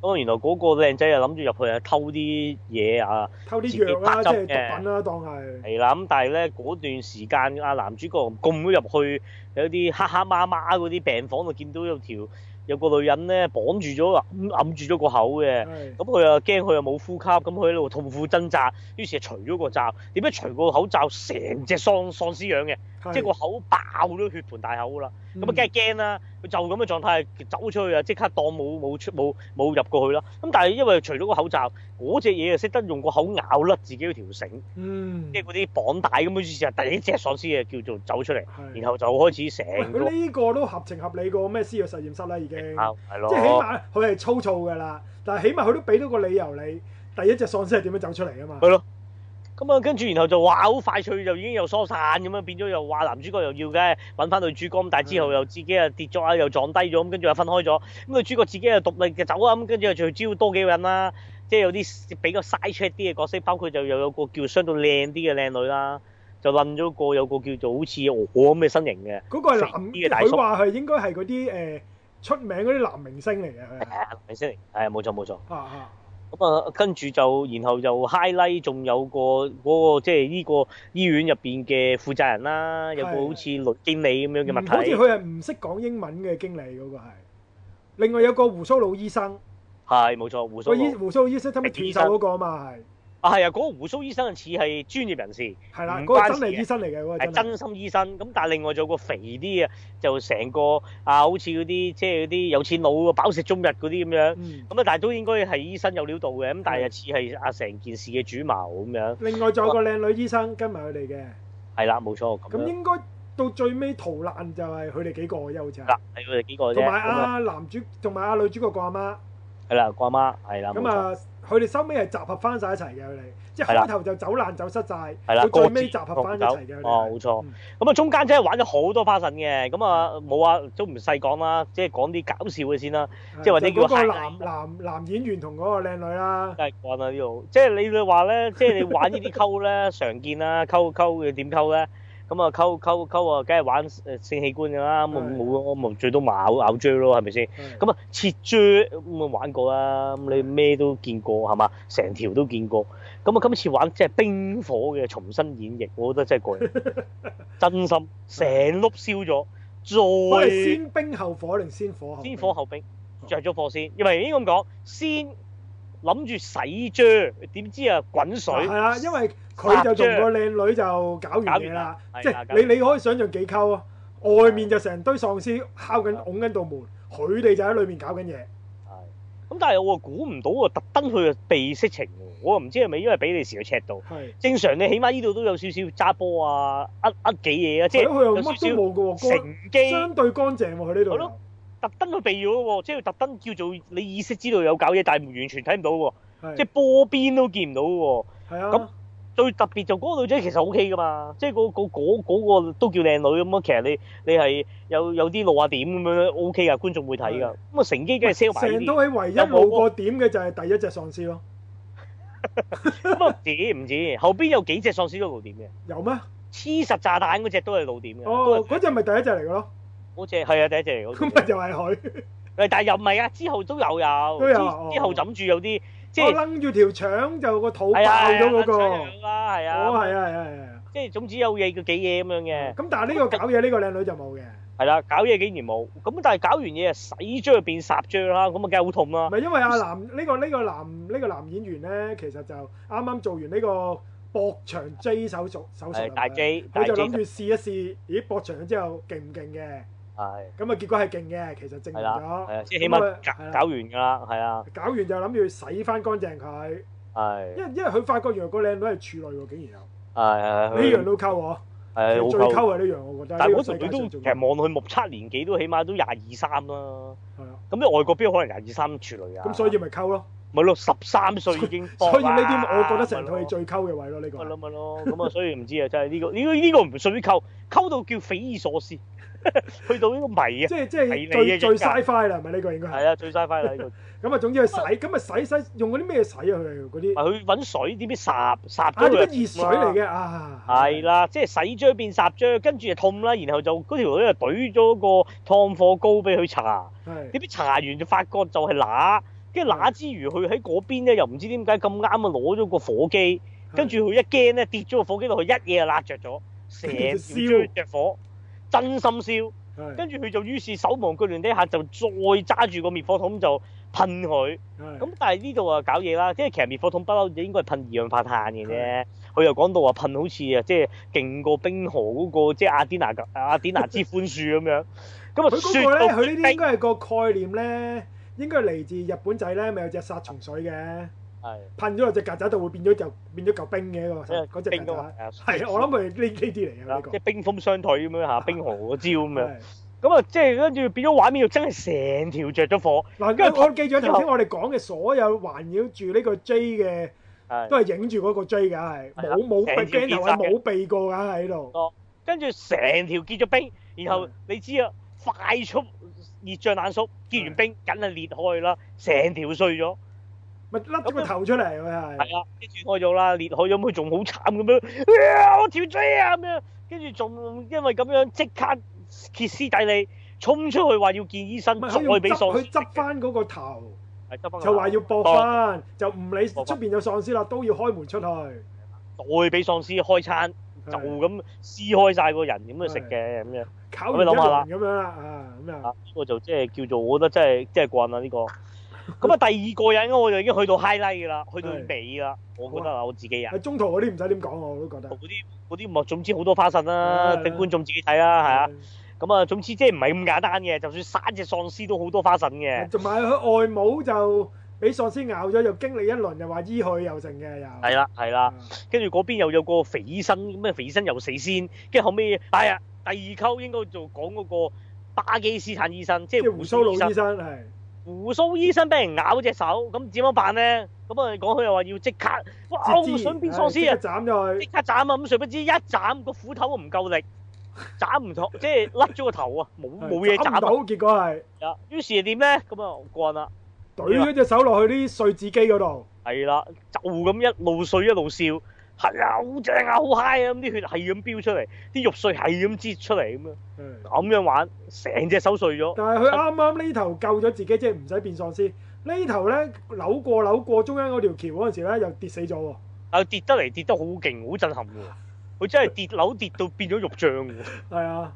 咁原來嗰個靚仔又諗住入去偷啲嘢啊，偷啲藥啦，即係毒品啦，啊，當係。係啦，咁但係咧嗰段時間，啊，男主角咁入去，有啲黑黑媽媽嗰啲病房就見到有條。有個女人呢綁住咗，揞住咗個口嘅，咁佢又驚佢又冇呼吸，咁佢喺度痛苦掙扎，於是除咗個罩，點解除個口罩成隻喪喪屍樣嘅？即係個，就是，口爆咗血盆大口噶啦，咁啊梗係驚啦！佢就咁嘅狀態走出去啊，即刻當冇冇出冇冇入過去啦。咁但係因為除咗個口罩，嗰隻嘢啊識得用個口咬甩自己條繩，即係嗰啲綁帶咁嘅意思就係。第一隻喪屍啊叫做走出嚟，然後就開始醒。呢個都合情合理過咩私藥實驗室啦，已經。係咯。即係，就是，起碼佢係粗糙噶啦，但係起碼佢都俾到個理由你，第一隻喪屍係點樣走出嚟啊嘛。係咯。咁啊，跟住然後就話好快脆就已經又疏散咁樣，變咗又話男主角又要嘅，搵翻女主角咁。但之後又自己又跌咗啊，又撞低咗咁，跟住又分開咗。咁女主角自己又獨立嘅走啊，咁跟住就招多幾個人啦。即係有啲比較嘥 check 啲嘅角色，包括就又有個叫相對靚啲嘅靚女啦，就揾咗個有個叫做好似我咁嘅身形嘅。嗰、那個男，佢話係應該係嗰啲誒出名嗰啲男明星嚟嘅。係啊，男明星，嚟、哎？啊，冇錯冇錯。咁啊，跟住就，然後就 highlight，仲有個嗰個即係呢個醫院入邊嘅負責人啦，有個好似律經理咁樣嘅物體。好似佢係唔識講英文嘅經理嗰個係。另外有個胡鬚老醫生，係冇錯胡鬚。個醫鬍鬚老醫生，後尾斷手嗰個啊嘛係。係啊，嗰、啊，那個鬍鬚醫生似係專業人士，係啦、啊，嗰、那個真係醫生嚟嘅，係、那個、真，真心醫生。咁但係另外仲有一個肥啲啊，就成個啊，好似嗰啲即係嗰啲有錢佬飽食終日嗰啲咁樣。咁、嗯、啊，但係都應該係醫生有料到嘅。咁但係似係啊，成件事嘅主謀咁樣。另外仲有一個靚女醫生、啊、跟埋佢哋嘅。係啦、啊，冇錯。咁應該到最尾逃難就係佢哋幾個啊，好似係。係佢哋幾個啫。同埋啊，啊，男主同埋啊，女主角個阿媽。係啦，個阿媽。係啦。咁啊。佢哋收尾係集合翻晒一齊嘅佢哋，即係開頭就走爛走失晒，係啦，佢最尾集合翻一齊嘅。哦，冇錯。咁、嗯、啊，中間真係玩咗好多花神嘅。咁啊，冇啊，都唔細講啦，即係講啲搞笑嘅先啦。即係或者叫嗰男男男演員同嗰個靚女啦。係講到呢度，即係你話咧，即係你玩這些呢啲溝咧， *laughs* 常見啦、啊，溝溝嘅點溝咧？咁啊溝溝溝啊，梗係玩誒性器官噶啦，咁冇我咪最多咬咬 J 咯，係咪先？咁啊切 J 咁啊玩過啦，咁你咩都見過係嘛？成條都見過。咁啊今次玩即係冰火嘅重新演繹，我覺得真係過癮， *laughs* 真心成碌燒咗。再先冰後火定先火？先火後冰，着咗火，火先。唔係應該咁講先。諗住洗張，點知啊滾水！係啊，因為佢就同個靚女就搞完嘢啦。即係、就是、你你，你可以想象幾溝啊！外面就成堆喪屍敲緊、拱緊道門，佢哋就喺裏面搞緊嘢。係。咁但係我估唔到喎，特登去避色情喎，我唔知係咪因為比利時嘅尺度。係。正常你起碼呢度都有少少揸波啊、呃厄幾嘢啊，即、啊、係、啊就是、有少少成機。相對乾淨喎、啊，佢呢度。咯。特登去避咗喎，即係特登叫做你意識知道有搞嘢，但係完全睇唔到喎，即係波邊都見唔到喎。係啊。咁最特別就嗰個女仔其實 OK 噶嘛，即係嗰個都叫靚女咁啊。其實你你係有有啲露下點咁樣 OK 噶，觀眾會睇噶。咁啊，乘機都係 sell 埋，成都係唯一露個點嘅就係第一隻喪屍咯。自己唔知，知，後邊有幾隻喪屍都露點嘅。有咩？黐實炸彈嗰隻都係露點嘅。哦，嗰隻咪第一隻嚟嘅咯。好似係啊，第一隻咁咪就係佢。誒，但係又唔係啊，之後都有有，之後枕住有啲即係。我拎住條腸就個肚爆咗嗰個。我係啊係啊係啊！即係總之有嘢個幾嘢咁樣嘅。咁但係呢個搞嘢呢個靚女就冇嘅，係啦，搞嘢竟然冇。咁但係搞完嘢啊，洗張變十張啦，咁咪梗係好痛啦。唔係因為阿男呢個呢個男呢個男演員咧，其實就啱啱做完呢個駁長 J 手術手術。係大 J。佢就諗住試一試，咦駁長咗之後勁唔勁嘅？係，咁啊結果係勁嘅，其實證明咗，即係起碼搞完㗎啦，係啊，搞完就諗住洗翻乾淨佢，係，因為因為佢發覺若果個靚女係處女喎，竟然有，係係，呢樣都溝我，係最溝係呢樣，我覺得，但係我佢都其實望落去目測年紀都起碼都廿二三啦，係啊，咁你外國邊有可能廿二三處女啊，咁所以咪溝咯。咪咯，十三歲已經幫。所以呢啲、啊，我覺得成套係最溝嘅位咯，呢、這個。咪撚咪咯？咁啊， *laughs* 所以唔知啊，真係呢、這個呢呢、這個唔屬於溝，溝到叫匪夷所思， *laughs* 去到呢個迷啊！即係即係最、那個、最 Sci-Fi 啦，係咪呢個應該？係啊，最 Sci-Fi 啦呢個。咁 *laughs* 啊，總之係洗，咁啊洗洗用嗰啲咩洗啊？佢嗰啲。咪佢揾水點點剎剎嗰樣。熱水嚟嘅啊。係啦、啊、啦，即係洗張變剎張，跟住就痛啦，然後就嗰條女又塗咗個燙火膏俾佢搽。係。點知搽完就發覺就係乸。即係那之餘，佢喺嗰邊咧又唔知點解咁啱啊攞咗個火機，跟住佢一驚咧跌咗個火機落去，一嘢就焫着咗，成條蕉著火，真心燒。跟住佢就於是手忙腳亂底下就再揸住個滅火筒就噴佢。咁但係呢度啊搞嘢啦，即係其實滅火筒不嬲，應該係噴二氧化碳嘅啫。佢又講到話噴好似啊，即係勁過冰河嗰、那個即係阿典娜 *laughs* 阿典娜之寬恕咁樣。咁啊，佢嗰個咧，佢呢啲應該係個概念咧。應該嚟自日本仔咧，咪有一隻殺蟲水嘅，噴咗落隻曱甴度會變咗就變咗嚿冰嘅喎，嗰隻冰嘅話，係我諗係呢呢啲嚟嘅，即係、呢個、冰封雙腿咁樣嚇，冰河嗰招咁樣。咁啊，即係跟住變咗畫面就真係成條着咗火。嗱，跟住我，我記咗頭先我哋講嘅所有環繞住呢個 J 嘅，都係影住嗰個 J 㗎，係冇冇冇避過㗎喺度。跟住成條結咗冰，然後你知啊，快速。熱脹冷縮，結完冰梗係裂開啦，成條碎咗，咪甩個頭出嚟佢係。係啊，跟住開咗啦，裂開咗，佢仲好慘咁樣，哎，我條嘴啊咁樣，跟住仲因為咁樣即刻歇斯底里，衝出去話要見醫生，仲去俾喪屍，去執翻嗰個頭，就話要駁翻，就唔理出邊有喪屍啦，都要開門出去，再俾喪屍開餐，的就咁撕開晒個人點去食嘅咁你諗下啦，咁樣啦啊，咁啊，我就即係叫做，我覺得真係真係慣啦呢個。咁啊，第二個人我就已經去到 highlight 噶啦， *laughs* 去到尾啦，我覺得啊，我自己啊。中途嗰啲唔使點講我都覺得。嗰啲唔啲，我總之好多花神啦、啊，俾觀眾自己睇啦，係啊。咁啊，總之即係唔係咁簡單嘅，就算三隻喪屍都好多花神嘅。同埋佢外母就俾喪屍咬咗，經又經歷一輪，又話醫佢又剩嘅又。係啦係啦，跟住嗰邊又有個肥醫生，咩肥醫生又死先，跟住後尾。哎呀。第二溝應該就講嗰個巴基斯坦醫生，即係鬍鬚老醫生，係鬍鬚醫生俾人咬隻手，咁點樣辦咧？咁啊講佢又話要即刻，喪屍，啊斬咗去，即刻斬啊，咁誰不知，一斬個斧頭都唔夠力，斬唔到，即係甩咗個頭啊，冇，冇嘢斬到，結果係啊？於是係點咧，咁啊乾啦，懟咗隻手，落去啲碎紙機度？係啦，就，咁一路碎一路笑。係好正啊，好嗨啊！咁啲、啊、血係咁飆出嚟，啲肉碎係咁擠出嚟咁啊！咁樣玩，成隻手碎咗。但係佢啱啱呢頭救咗自己，即係唔使變喪屍。頭呢頭咧，扭過扭過，中間嗰條橋嗰陣時咧，又跌死咗喎。啊！跌得嚟跌得好勁，好震撼喎！佢真係跌樓跌到變咗肉醬喎！係啊，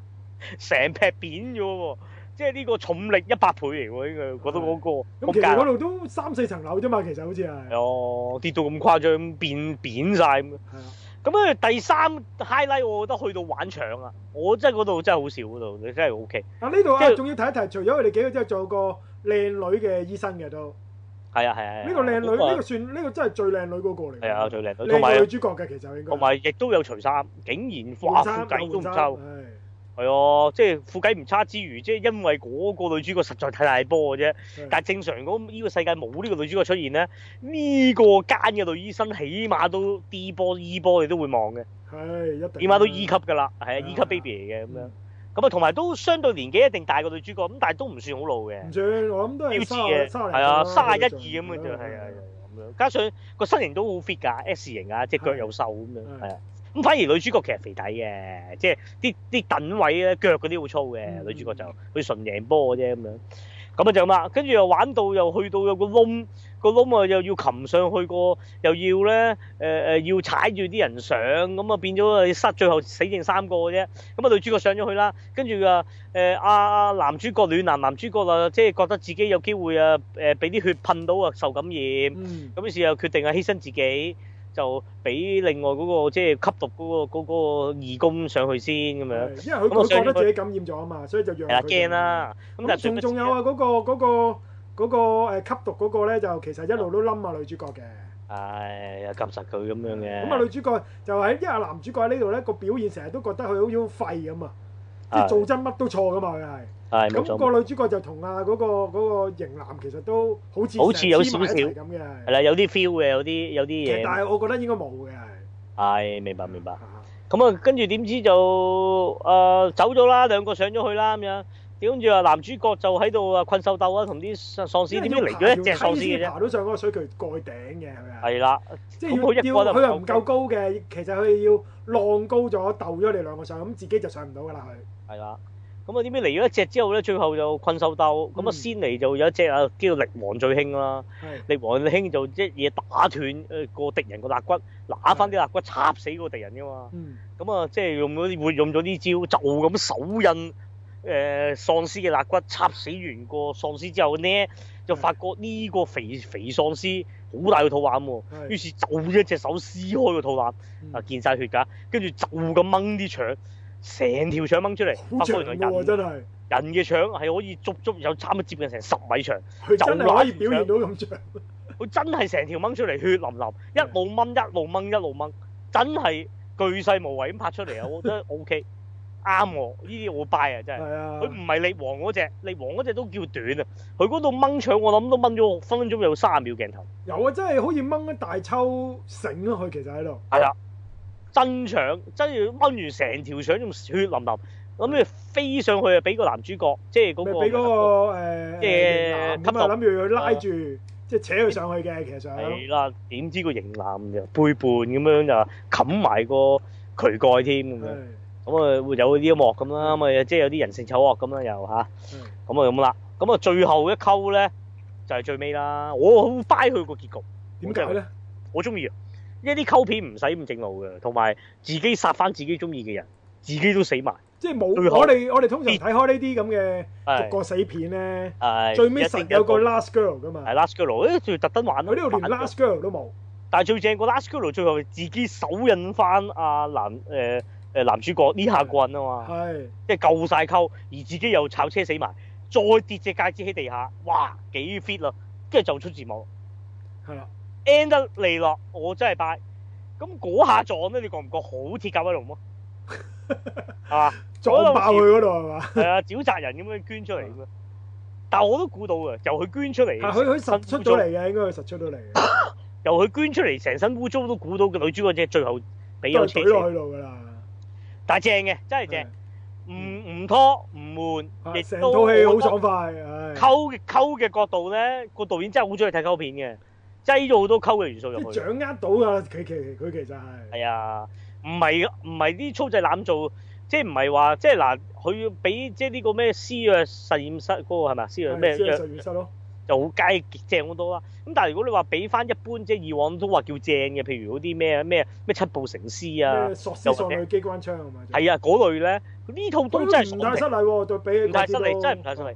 成 *laughs* 劈扁咗喎！即係呢個重力一百倍嚟喎，呢、那個覺得好高。咁、啊、其實嗰度都三四層樓啫嘛，其實好似係。哦，跌到咁誇張，變扁晒。咁。係啊。咁跟住第三 highlight，我覺得去到玩槍啊！我真係嗰度真係好少嗰度，你真係 O K。啊呢度啊，仲、啊就是、要睇一睇，除咗佢哋幾個之外，仲有個靚女嘅醫生嘅都。係啊係啊。呢、啊這個靚女，呢、這個算呢、這個真係最靚女嗰、那個嚟。係啊，最靚女。同埋女，女主角嘅其實應該。同埋亦都有除衫，竟然化褲底都係啊，即係副計唔差之餘，即係因為嗰個女主角實在太大波嘅啫。但係正常講，依個世界冇呢個女主角出現咧，呢、呢個奸嘅女醫生起碼都 D 波 E 波，你都會望嘅。係，一定起碼都 E 級噶啦，係啊，E 級的 baby 嚟嘅咁樣。咁啊，同埋都相對年紀一定大過女主角，咁但係都唔算好老嘅。我諗都係三廿零，係啊，三廿一二咁嘅啫，係啊，咁樣。加上個身形都好 fit 㗎，S 型啊，即係腳又瘦咁樣，係啊。咁反而女主角其實肥底嘅，即係啲啲等位咧，腳嗰啲好粗嘅，女主角就佢純贏波嘅啫咁樣，咁啊就咁啦。跟住又玩到又去到有個窿，個窿啊又要擒上去過又要咧、呃、要踩住啲人上，咁啊變咗塞，最後死剩三個嘅啫。咁啊女主角上咗去啦，跟住啊男主角暖男，男主角啊男男即係覺得自己有機會啊誒俾啲血噴到啊受感染，咁、嗯、於是又決定啊，犧牲自己。就俾另外嗰個即係吸毒嗰個嗰嗰個義工上去先咁樣，因為佢佢覺得自己感染咗啊嘛，所以就讓佢。係啦，驚啦。咁仲仲有啊嗰個嗰個嗰個誒吸毒嗰個咧，就其實一路都冧啊女主角嘅。係啊，夾實佢咁樣嘅。咁啊，女主角就係因為男主角喺呢度咧，個表現成日都覺得佢好似廢咁啊，即係做真乜都錯噶嘛，佢係。咁個女主角就同啊嗰個嗰個型男其實都好似有少少咁嘅，係啦，有啲 feel 嘅，有啲有啲嘢。其實但係我覺得應該冇嘅，係。係明白明白。咁啊，跟住點知就誒走咗啦，兩個上咗去啦咁樣。點知啊男主角就喺度啊困獸鬥啊，同啲喪喪屍，點知嚟咗一隻喪屍嘅啫。爬到上嗰個水渠蓋頂嘅係咪啊？係啦。咁佢一個就唔夠高嘅，其實佢要浪高咗鬥咗你兩個上，咁自己就上唔到噶啦佢。係啦。咁啊！點解嚟咗一隻之後咧，最後就困獸鬥。咁、嗯、啊，先嚟就有一隻啊，叫做力王最興啦。力王最興就一嘢打斷誒個敵人個肋骨，拿翻啲肋骨插死嗰個敵人嘅嘛。咁、嗯、啊，即係用咗啲會用咗啲招，就咁手印、呃、喪屍嘅肋骨插死完個喪屍之後咧，就發覺呢個肥肥喪屍好大個肚腩喎、啊。於是就一隻手撕開個肚腩，啊、嗯、見晒血噶，跟住就咁掹啲腸。成條腸掹出嚟，不過原來人真係人嘅腸係可以足足有差唔多接近成十米長，就可以表現到咁長。佢真係成條掹出嚟，血淋淋， *laughs* 一路掹一路掹一路掹，路路路 *laughs* 真係巨細無遺咁拍出嚟啊！ *laughs* 我覺得 O K，啱我呢啲我 buy 啊真係。佢唔係力王嗰隻，力王嗰隻都叫短啊。佢嗰度掹腸，我諗都掹咗分分鐘有三十秒鏡頭。有啊，真係好似掹一大抽繩咯，佢其實喺度。係啊。真腸真要掹完成條腸仲血淋淋，咁你飛上去啊！俾個男主角即係嗰個誒，咁啊諗住佢拉住，即係、那個那個欸欸啊、扯佢上去嘅。其實上係啦，點知個型男就背叛咁樣就冚埋個渠蓋添咁樣，咁啊有啲一幕咁啦，咁啊即係有啲人性醜惡咁啦又吓，咁啊咁啦，咁啊最後一溝咧就係、是、最尾啦，我好 buy 佢個結局點解咧？我中意啊一啲溝片唔使咁正路嘅，同埋自己殺翻自己中意嘅人，自己都死埋。即係冇我哋，我哋通常睇開呢啲咁嘅逐個死片咧。誒，最尾實有個 Last Girl 嘅嘛？係 Last Girl，誒仲要特登玩。我呢度連 Last Girl 都冇。但係最正個 Last Girl 最後自己手印翻阿男誒誒男主角呢下棍啊嘛。係。即係夠晒溝，而自己又炒車死埋，再跌隻戒指喺地下，哇幾 fit 啊！跟住就出字幕。係啦。end 得利落，我真係拜。y 咁嗰下撞咧，你覺唔覺好鐵甲威龍咯？係 *laughs* 嘛撞爆佢嗰度係嘛？係啊，沼澤人咁樣捐出嚟咁 *laughs* 啊！但我都估到嘅，由佢捐出嚟。但佢佢實出咗嚟嘅，應該佢實出到嚟。 *laughs* 由佢捐出嚟，成身污糟都估到個女主角只最後俾有啲剩。都睇喺度㗎啦，但係正嘅，真係正，正，唔唔、嗯、拖唔悶，套、啊、戲好爽快、哎。溝溝嘅角度咧，個導演真係好中意睇溝片嘅。擠咗好多溝嘅元素入去。掌握到㗎，佢其佢其實係。係啊，唔係唔係啲粗製濫做，即係唔係話即係嗱，佢俾即係呢個咩私約實驗室嗰、那個係咪啊？私約咩？C，實驗室咯。就好佳正好多啦。咁但如果你話俾翻一般即係以往都話叫正嘅，譬如嗰啲咩咩咩七步成師啊，鎖師鎖女機關槍係啊？係嗰、啊、類咧呢這套都真係唔太失禮喎，對唔太，太失禮，真係唔太失禮。係、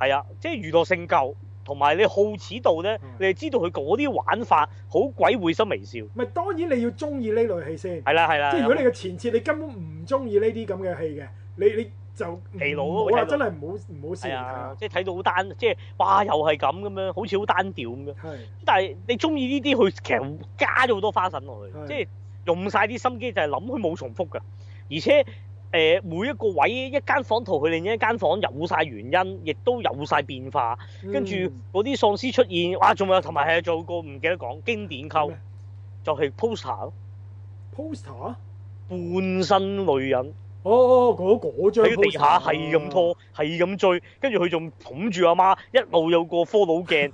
嗯、啊，即係娛樂性夠。同埋你好恥度咧，你係知道佢嗰啲玩法好鬼，嗯、會心微笑。咪當然你要中意呢類戲先。係啦係啦，即係如果你嘅前設你根本唔中意呢啲咁嘅戲嘅，你你就唔話真係唔好唔好笑啊！即係睇到好單，即係哇又係咁咁樣，好似好單調咁樣。係。但係你中意呢啲，佢其實加咗好多花臣落去，即係用晒啲心機，就係諗佢冇重複嘅，而且。誒，每一個位一間房同佢另一間房有晒原因，亦都有晒變化。跟住啲喪屍出現，哇！仲有同埋係做過唔記得講經典溝，就係、是、poster。poster 半身女人。哦，嗰、那、嗰、個、張喺地下係咁拖，係咁追，跟住佢仲捧住阿媽，媽，一路有個科魯鏡，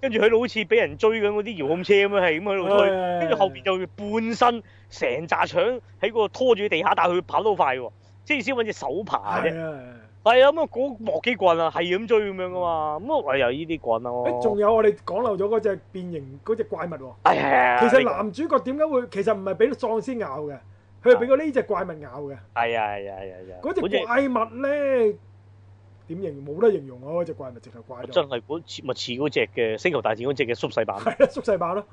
跟住佢度好似俾人追緊嗰啲遙控車咁樣，係咁喺度追，跟、哎、住後邊就半身成紮腸喺個拖住地下，但係佢跑得好快嘅喎，即係先揾隻手爬嘅。係、哎哎那個哎哎、啊，咁啊搏擊棍啊，係咁追咁樣噶嘛，咁啊唯有呢啲棍啊。仲有我哋講漏咗嗰隻變形嗰隻怪物喎、哎，其實男主角點解會其實唔係俾喪屍咬嘅？佢係俾過呢隻怪物咬嘅。哎啊哎啊哎啊嗰隻怪物咧，點形容？冇得形容啊！嗰隻怪物直頭怪咗。真係似咪似嗰隻嘅星球大戰嗰隻嘅縮細版。係啦，縮細版咯，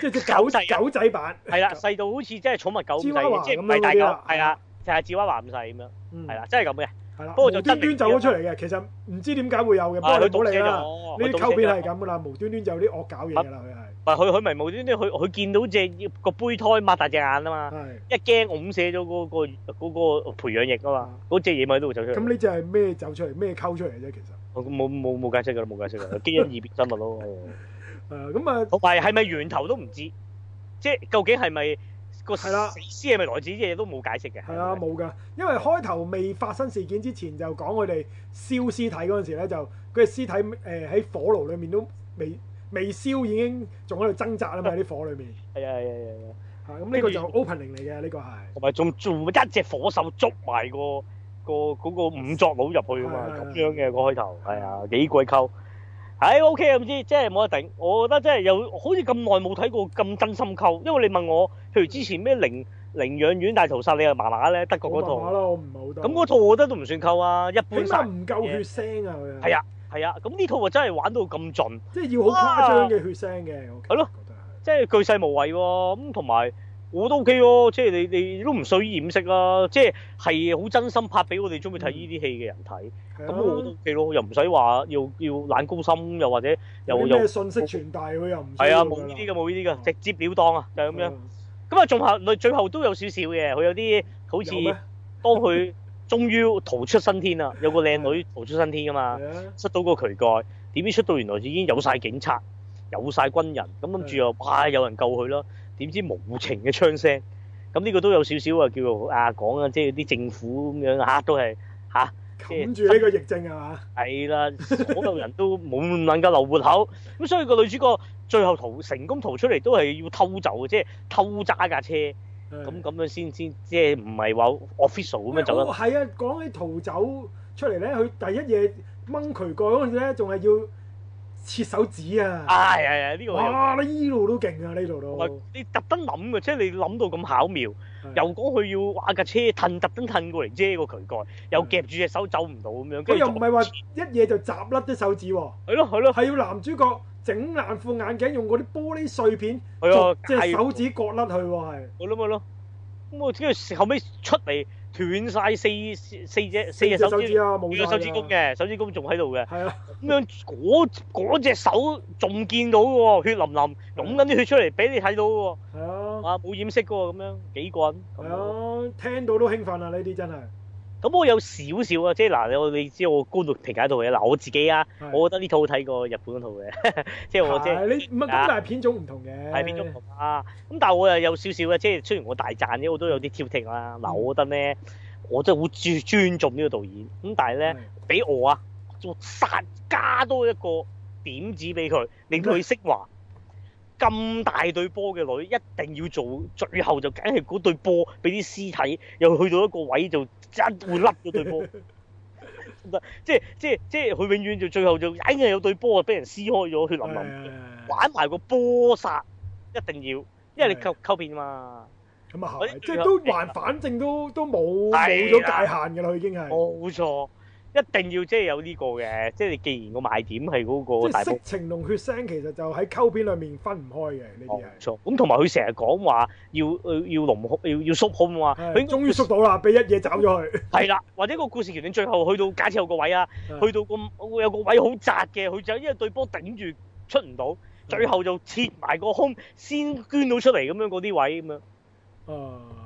即係隻狗狗仔版。係啦，細到好似即係寵物狗咁細，即係大狗。係啊，就係芝娃娃唔細咁樣。嗯，係啦，真係咁嘅。係啦，不過無端端走咗出嚟嘅，其實唔知點解會有嘅。唔係佢倒你。啦，呢啲溝片係咁啦，無端端就啲惡搞嘢啦話佢佢迷無端端，佢佢見到隻個胚胎擘大隻眼啊嘛，一驚㧬曬咗嗰個嗰個培養液啊嘛，嗰隻嘢咪都會走出嚟。咁呢隻係咩走出嚟？咩溝出嚟嘅啫？其實我冇冇冇解釋噶啦，冇解釋噶，基因異變生物咯。誒咁啊，係係咪源頭都唔知？即係究竟係咪個係啦？死屍係咪來自嘅都冇解釋嘅。係啊，冇噶，因為開頭未發生事件之前就講佢哋燒屍體嗰陣時咧，就佢隻屍體誒喺火爐裡面都未。未燒已經仲喺度掙扎啊嘛，喺啲火裏面。係啊係啊係啊！咁呢個就 opening 嚟嘅，呢、這個係。同埋仲做一隻火獸捉埋個、那個嗰五作佬入去啊嘛，咁樣嘅個開頭。係啊，幾鬼溝。係、那個那個哎、OK 啊，唔知即係冇得頂。我覺得即係有好似咁耐冇睇過咁真心溝，因為你問我，譬如之前咩靈靈養院大屠殺，你又麻麻咧，德國嗰套。咁嗰套我覺得都唔算溝啊，一般，起碼唔夠血腥啊！佢。係啊。係啊，咁呢套話真係玩到咁盡，即係要好誇張嘅血腥嘅，係、啊、咯、OK，啊，即係巨細無遺喎、啊。咁同埋我都 OK 喎，即係你你都唔需要掩飾啦、啊，即係係好真心拍俾我哋中意睇呢啲戲嘅人睇。咁、嗯啊、我都 OK 咯，又唔使話要要懶高深，又或者又冇信息傳遞，佢又唔係啊，冇呢啲嘅，冇呢啲嘅，直接了當啊，就係咁樣。咁啊，仲後、啊、最後都有少少嘅，佢有啲好似當佢。 *laughs* 終於逃出生天啦！有個靚女逃出生天噶嘛，塞到個渠蓋，點知出到原來已經有晒警察，有晒軍人，咁諗住又哇有人救佢咯，點知無情嘅槍聲，咁呢個都有少少啊，叫做啊講啊，即係啲政府咁樣嚇都係嚇，啊就是、冚住呢個疫症係、啊、嘛？係啦，所有人都冇能夠留活口，咁 *laughs* 所以個女主角最後逃成功逃出嚟都係要偷走嘅，即係偷揸架車。咁咁樣先先即係唔係話 official 咁樣走？係啊，講起逃走出嚟咧，佢第一嘢掹渠蓋嗰陣時咧，仲係要切手指啊！係係係，呢、這個哇！這個這個、你呢路都勁啊，呢度都你特登諗嘅，即係你諗到咁巧妙，又講佢要揦架、啊、車褪，特登褪過嚟遮個渠蓋，又夾住隻手走唔到咁樣。佢又唔係話一嘢就摘甩隻手指喎、啊。係咯係咯，係要男主角。整爛副眼鏡，用嗰啲玻璃碎片，即係手指割甩佢喎，係。冇咯冇咯，咁我跟住後尾出嚟斷晒四四隻四隻手指，四隻手指公、啊、嘅手指公仲喺度嘅。係啊，咁樣嗰隻、 *laughs* 那個、手仲見到喎，血淋淋咁緊啲血出嚟俾你睇到嘅喎。係啊，啊冇染色嘅喎，咁樣幾棍。係啊，聽到都興奮啊！呢啲真係。咁、嗯、我有少少啊，即係嗱，你知道我觀眾評價嗰套嘅嗱，我自己啊，我覺得呢套好睇過日本套嘅，即係我即、就、係、是啊、你唔係咁大片種唔同嘅，係片種唔同啊。咁但係我又有少少嘅，即係雖然我大讚，我都有啲挑剔啦。嗱，我覺得咧，嗯、我真係好尊尊重呢個導演，咁但係咧，俾我啊，再加多一個點子俾佢，令佢昇華。咁大對波嘅女一定要做，最後就梗係嗰對波俾啲屍體，又去到一個位就一會甩咗對波， *laughs* *laughs* 即係即係即係佢永遠就最後就梗係有對波俾人撕開咗，血淋淋，欸、玩埋個波殺一定要，因為你溝溝片啊嘛，咁啊係，即係都還，反正都都冇冇咗界限噶啦，已經係冇錯。一定要即係有呢個嘅，即係你既然個賣點係嗰個大波，即係色情濃血腥，其實就喺溝片裏面分唔開嘅呢啲啊。唔錯、哦，咁同埋佢成日講話要要隆胸、要要縮胸話佢終於縮到啦，俾 *laughs* 一嘢走咗去。係啦，或者個故事橋段最後去到假設有個位啊， *laughs* 去到咁會有個位好窄嘅，佢就因為對波頂住出唔到，最後就切埋個胸 *laughs* 先捐到出嚟咁樣嗰啲位咁樣，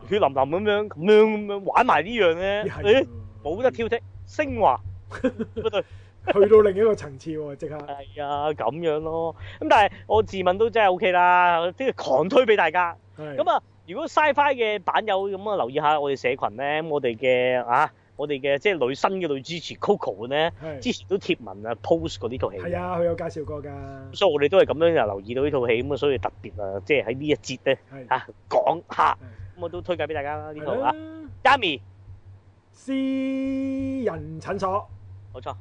血淋淋咁樣咁樣咁樣玩埋呢樣咧，誒冇、哎、得挑剔。昇華 *laughs* ，去到另一個層次喎、哦，即刻。係 *laughs* 啊，咁樣咯。咁但係我自問都真係 OK 啦，即係狂推俾大家。咁啊，如果 Sci-Fi 嘅版友咁啊，我留意下我哋社群咧，我哋嘅啊，我哋嘅即係女新嘅女主持 Coco 咧，之前都貼文啊，post 過呢套戲。係啊，佢有介紹過㗎。所以我哋都係咁樣留意到呢套戲，咁啊，所以特別啊，即係喺呢一節咧嚇、啊、講下，咁我都推介俾大家啦呢套啊 Yummy 屍人診所，冇錯。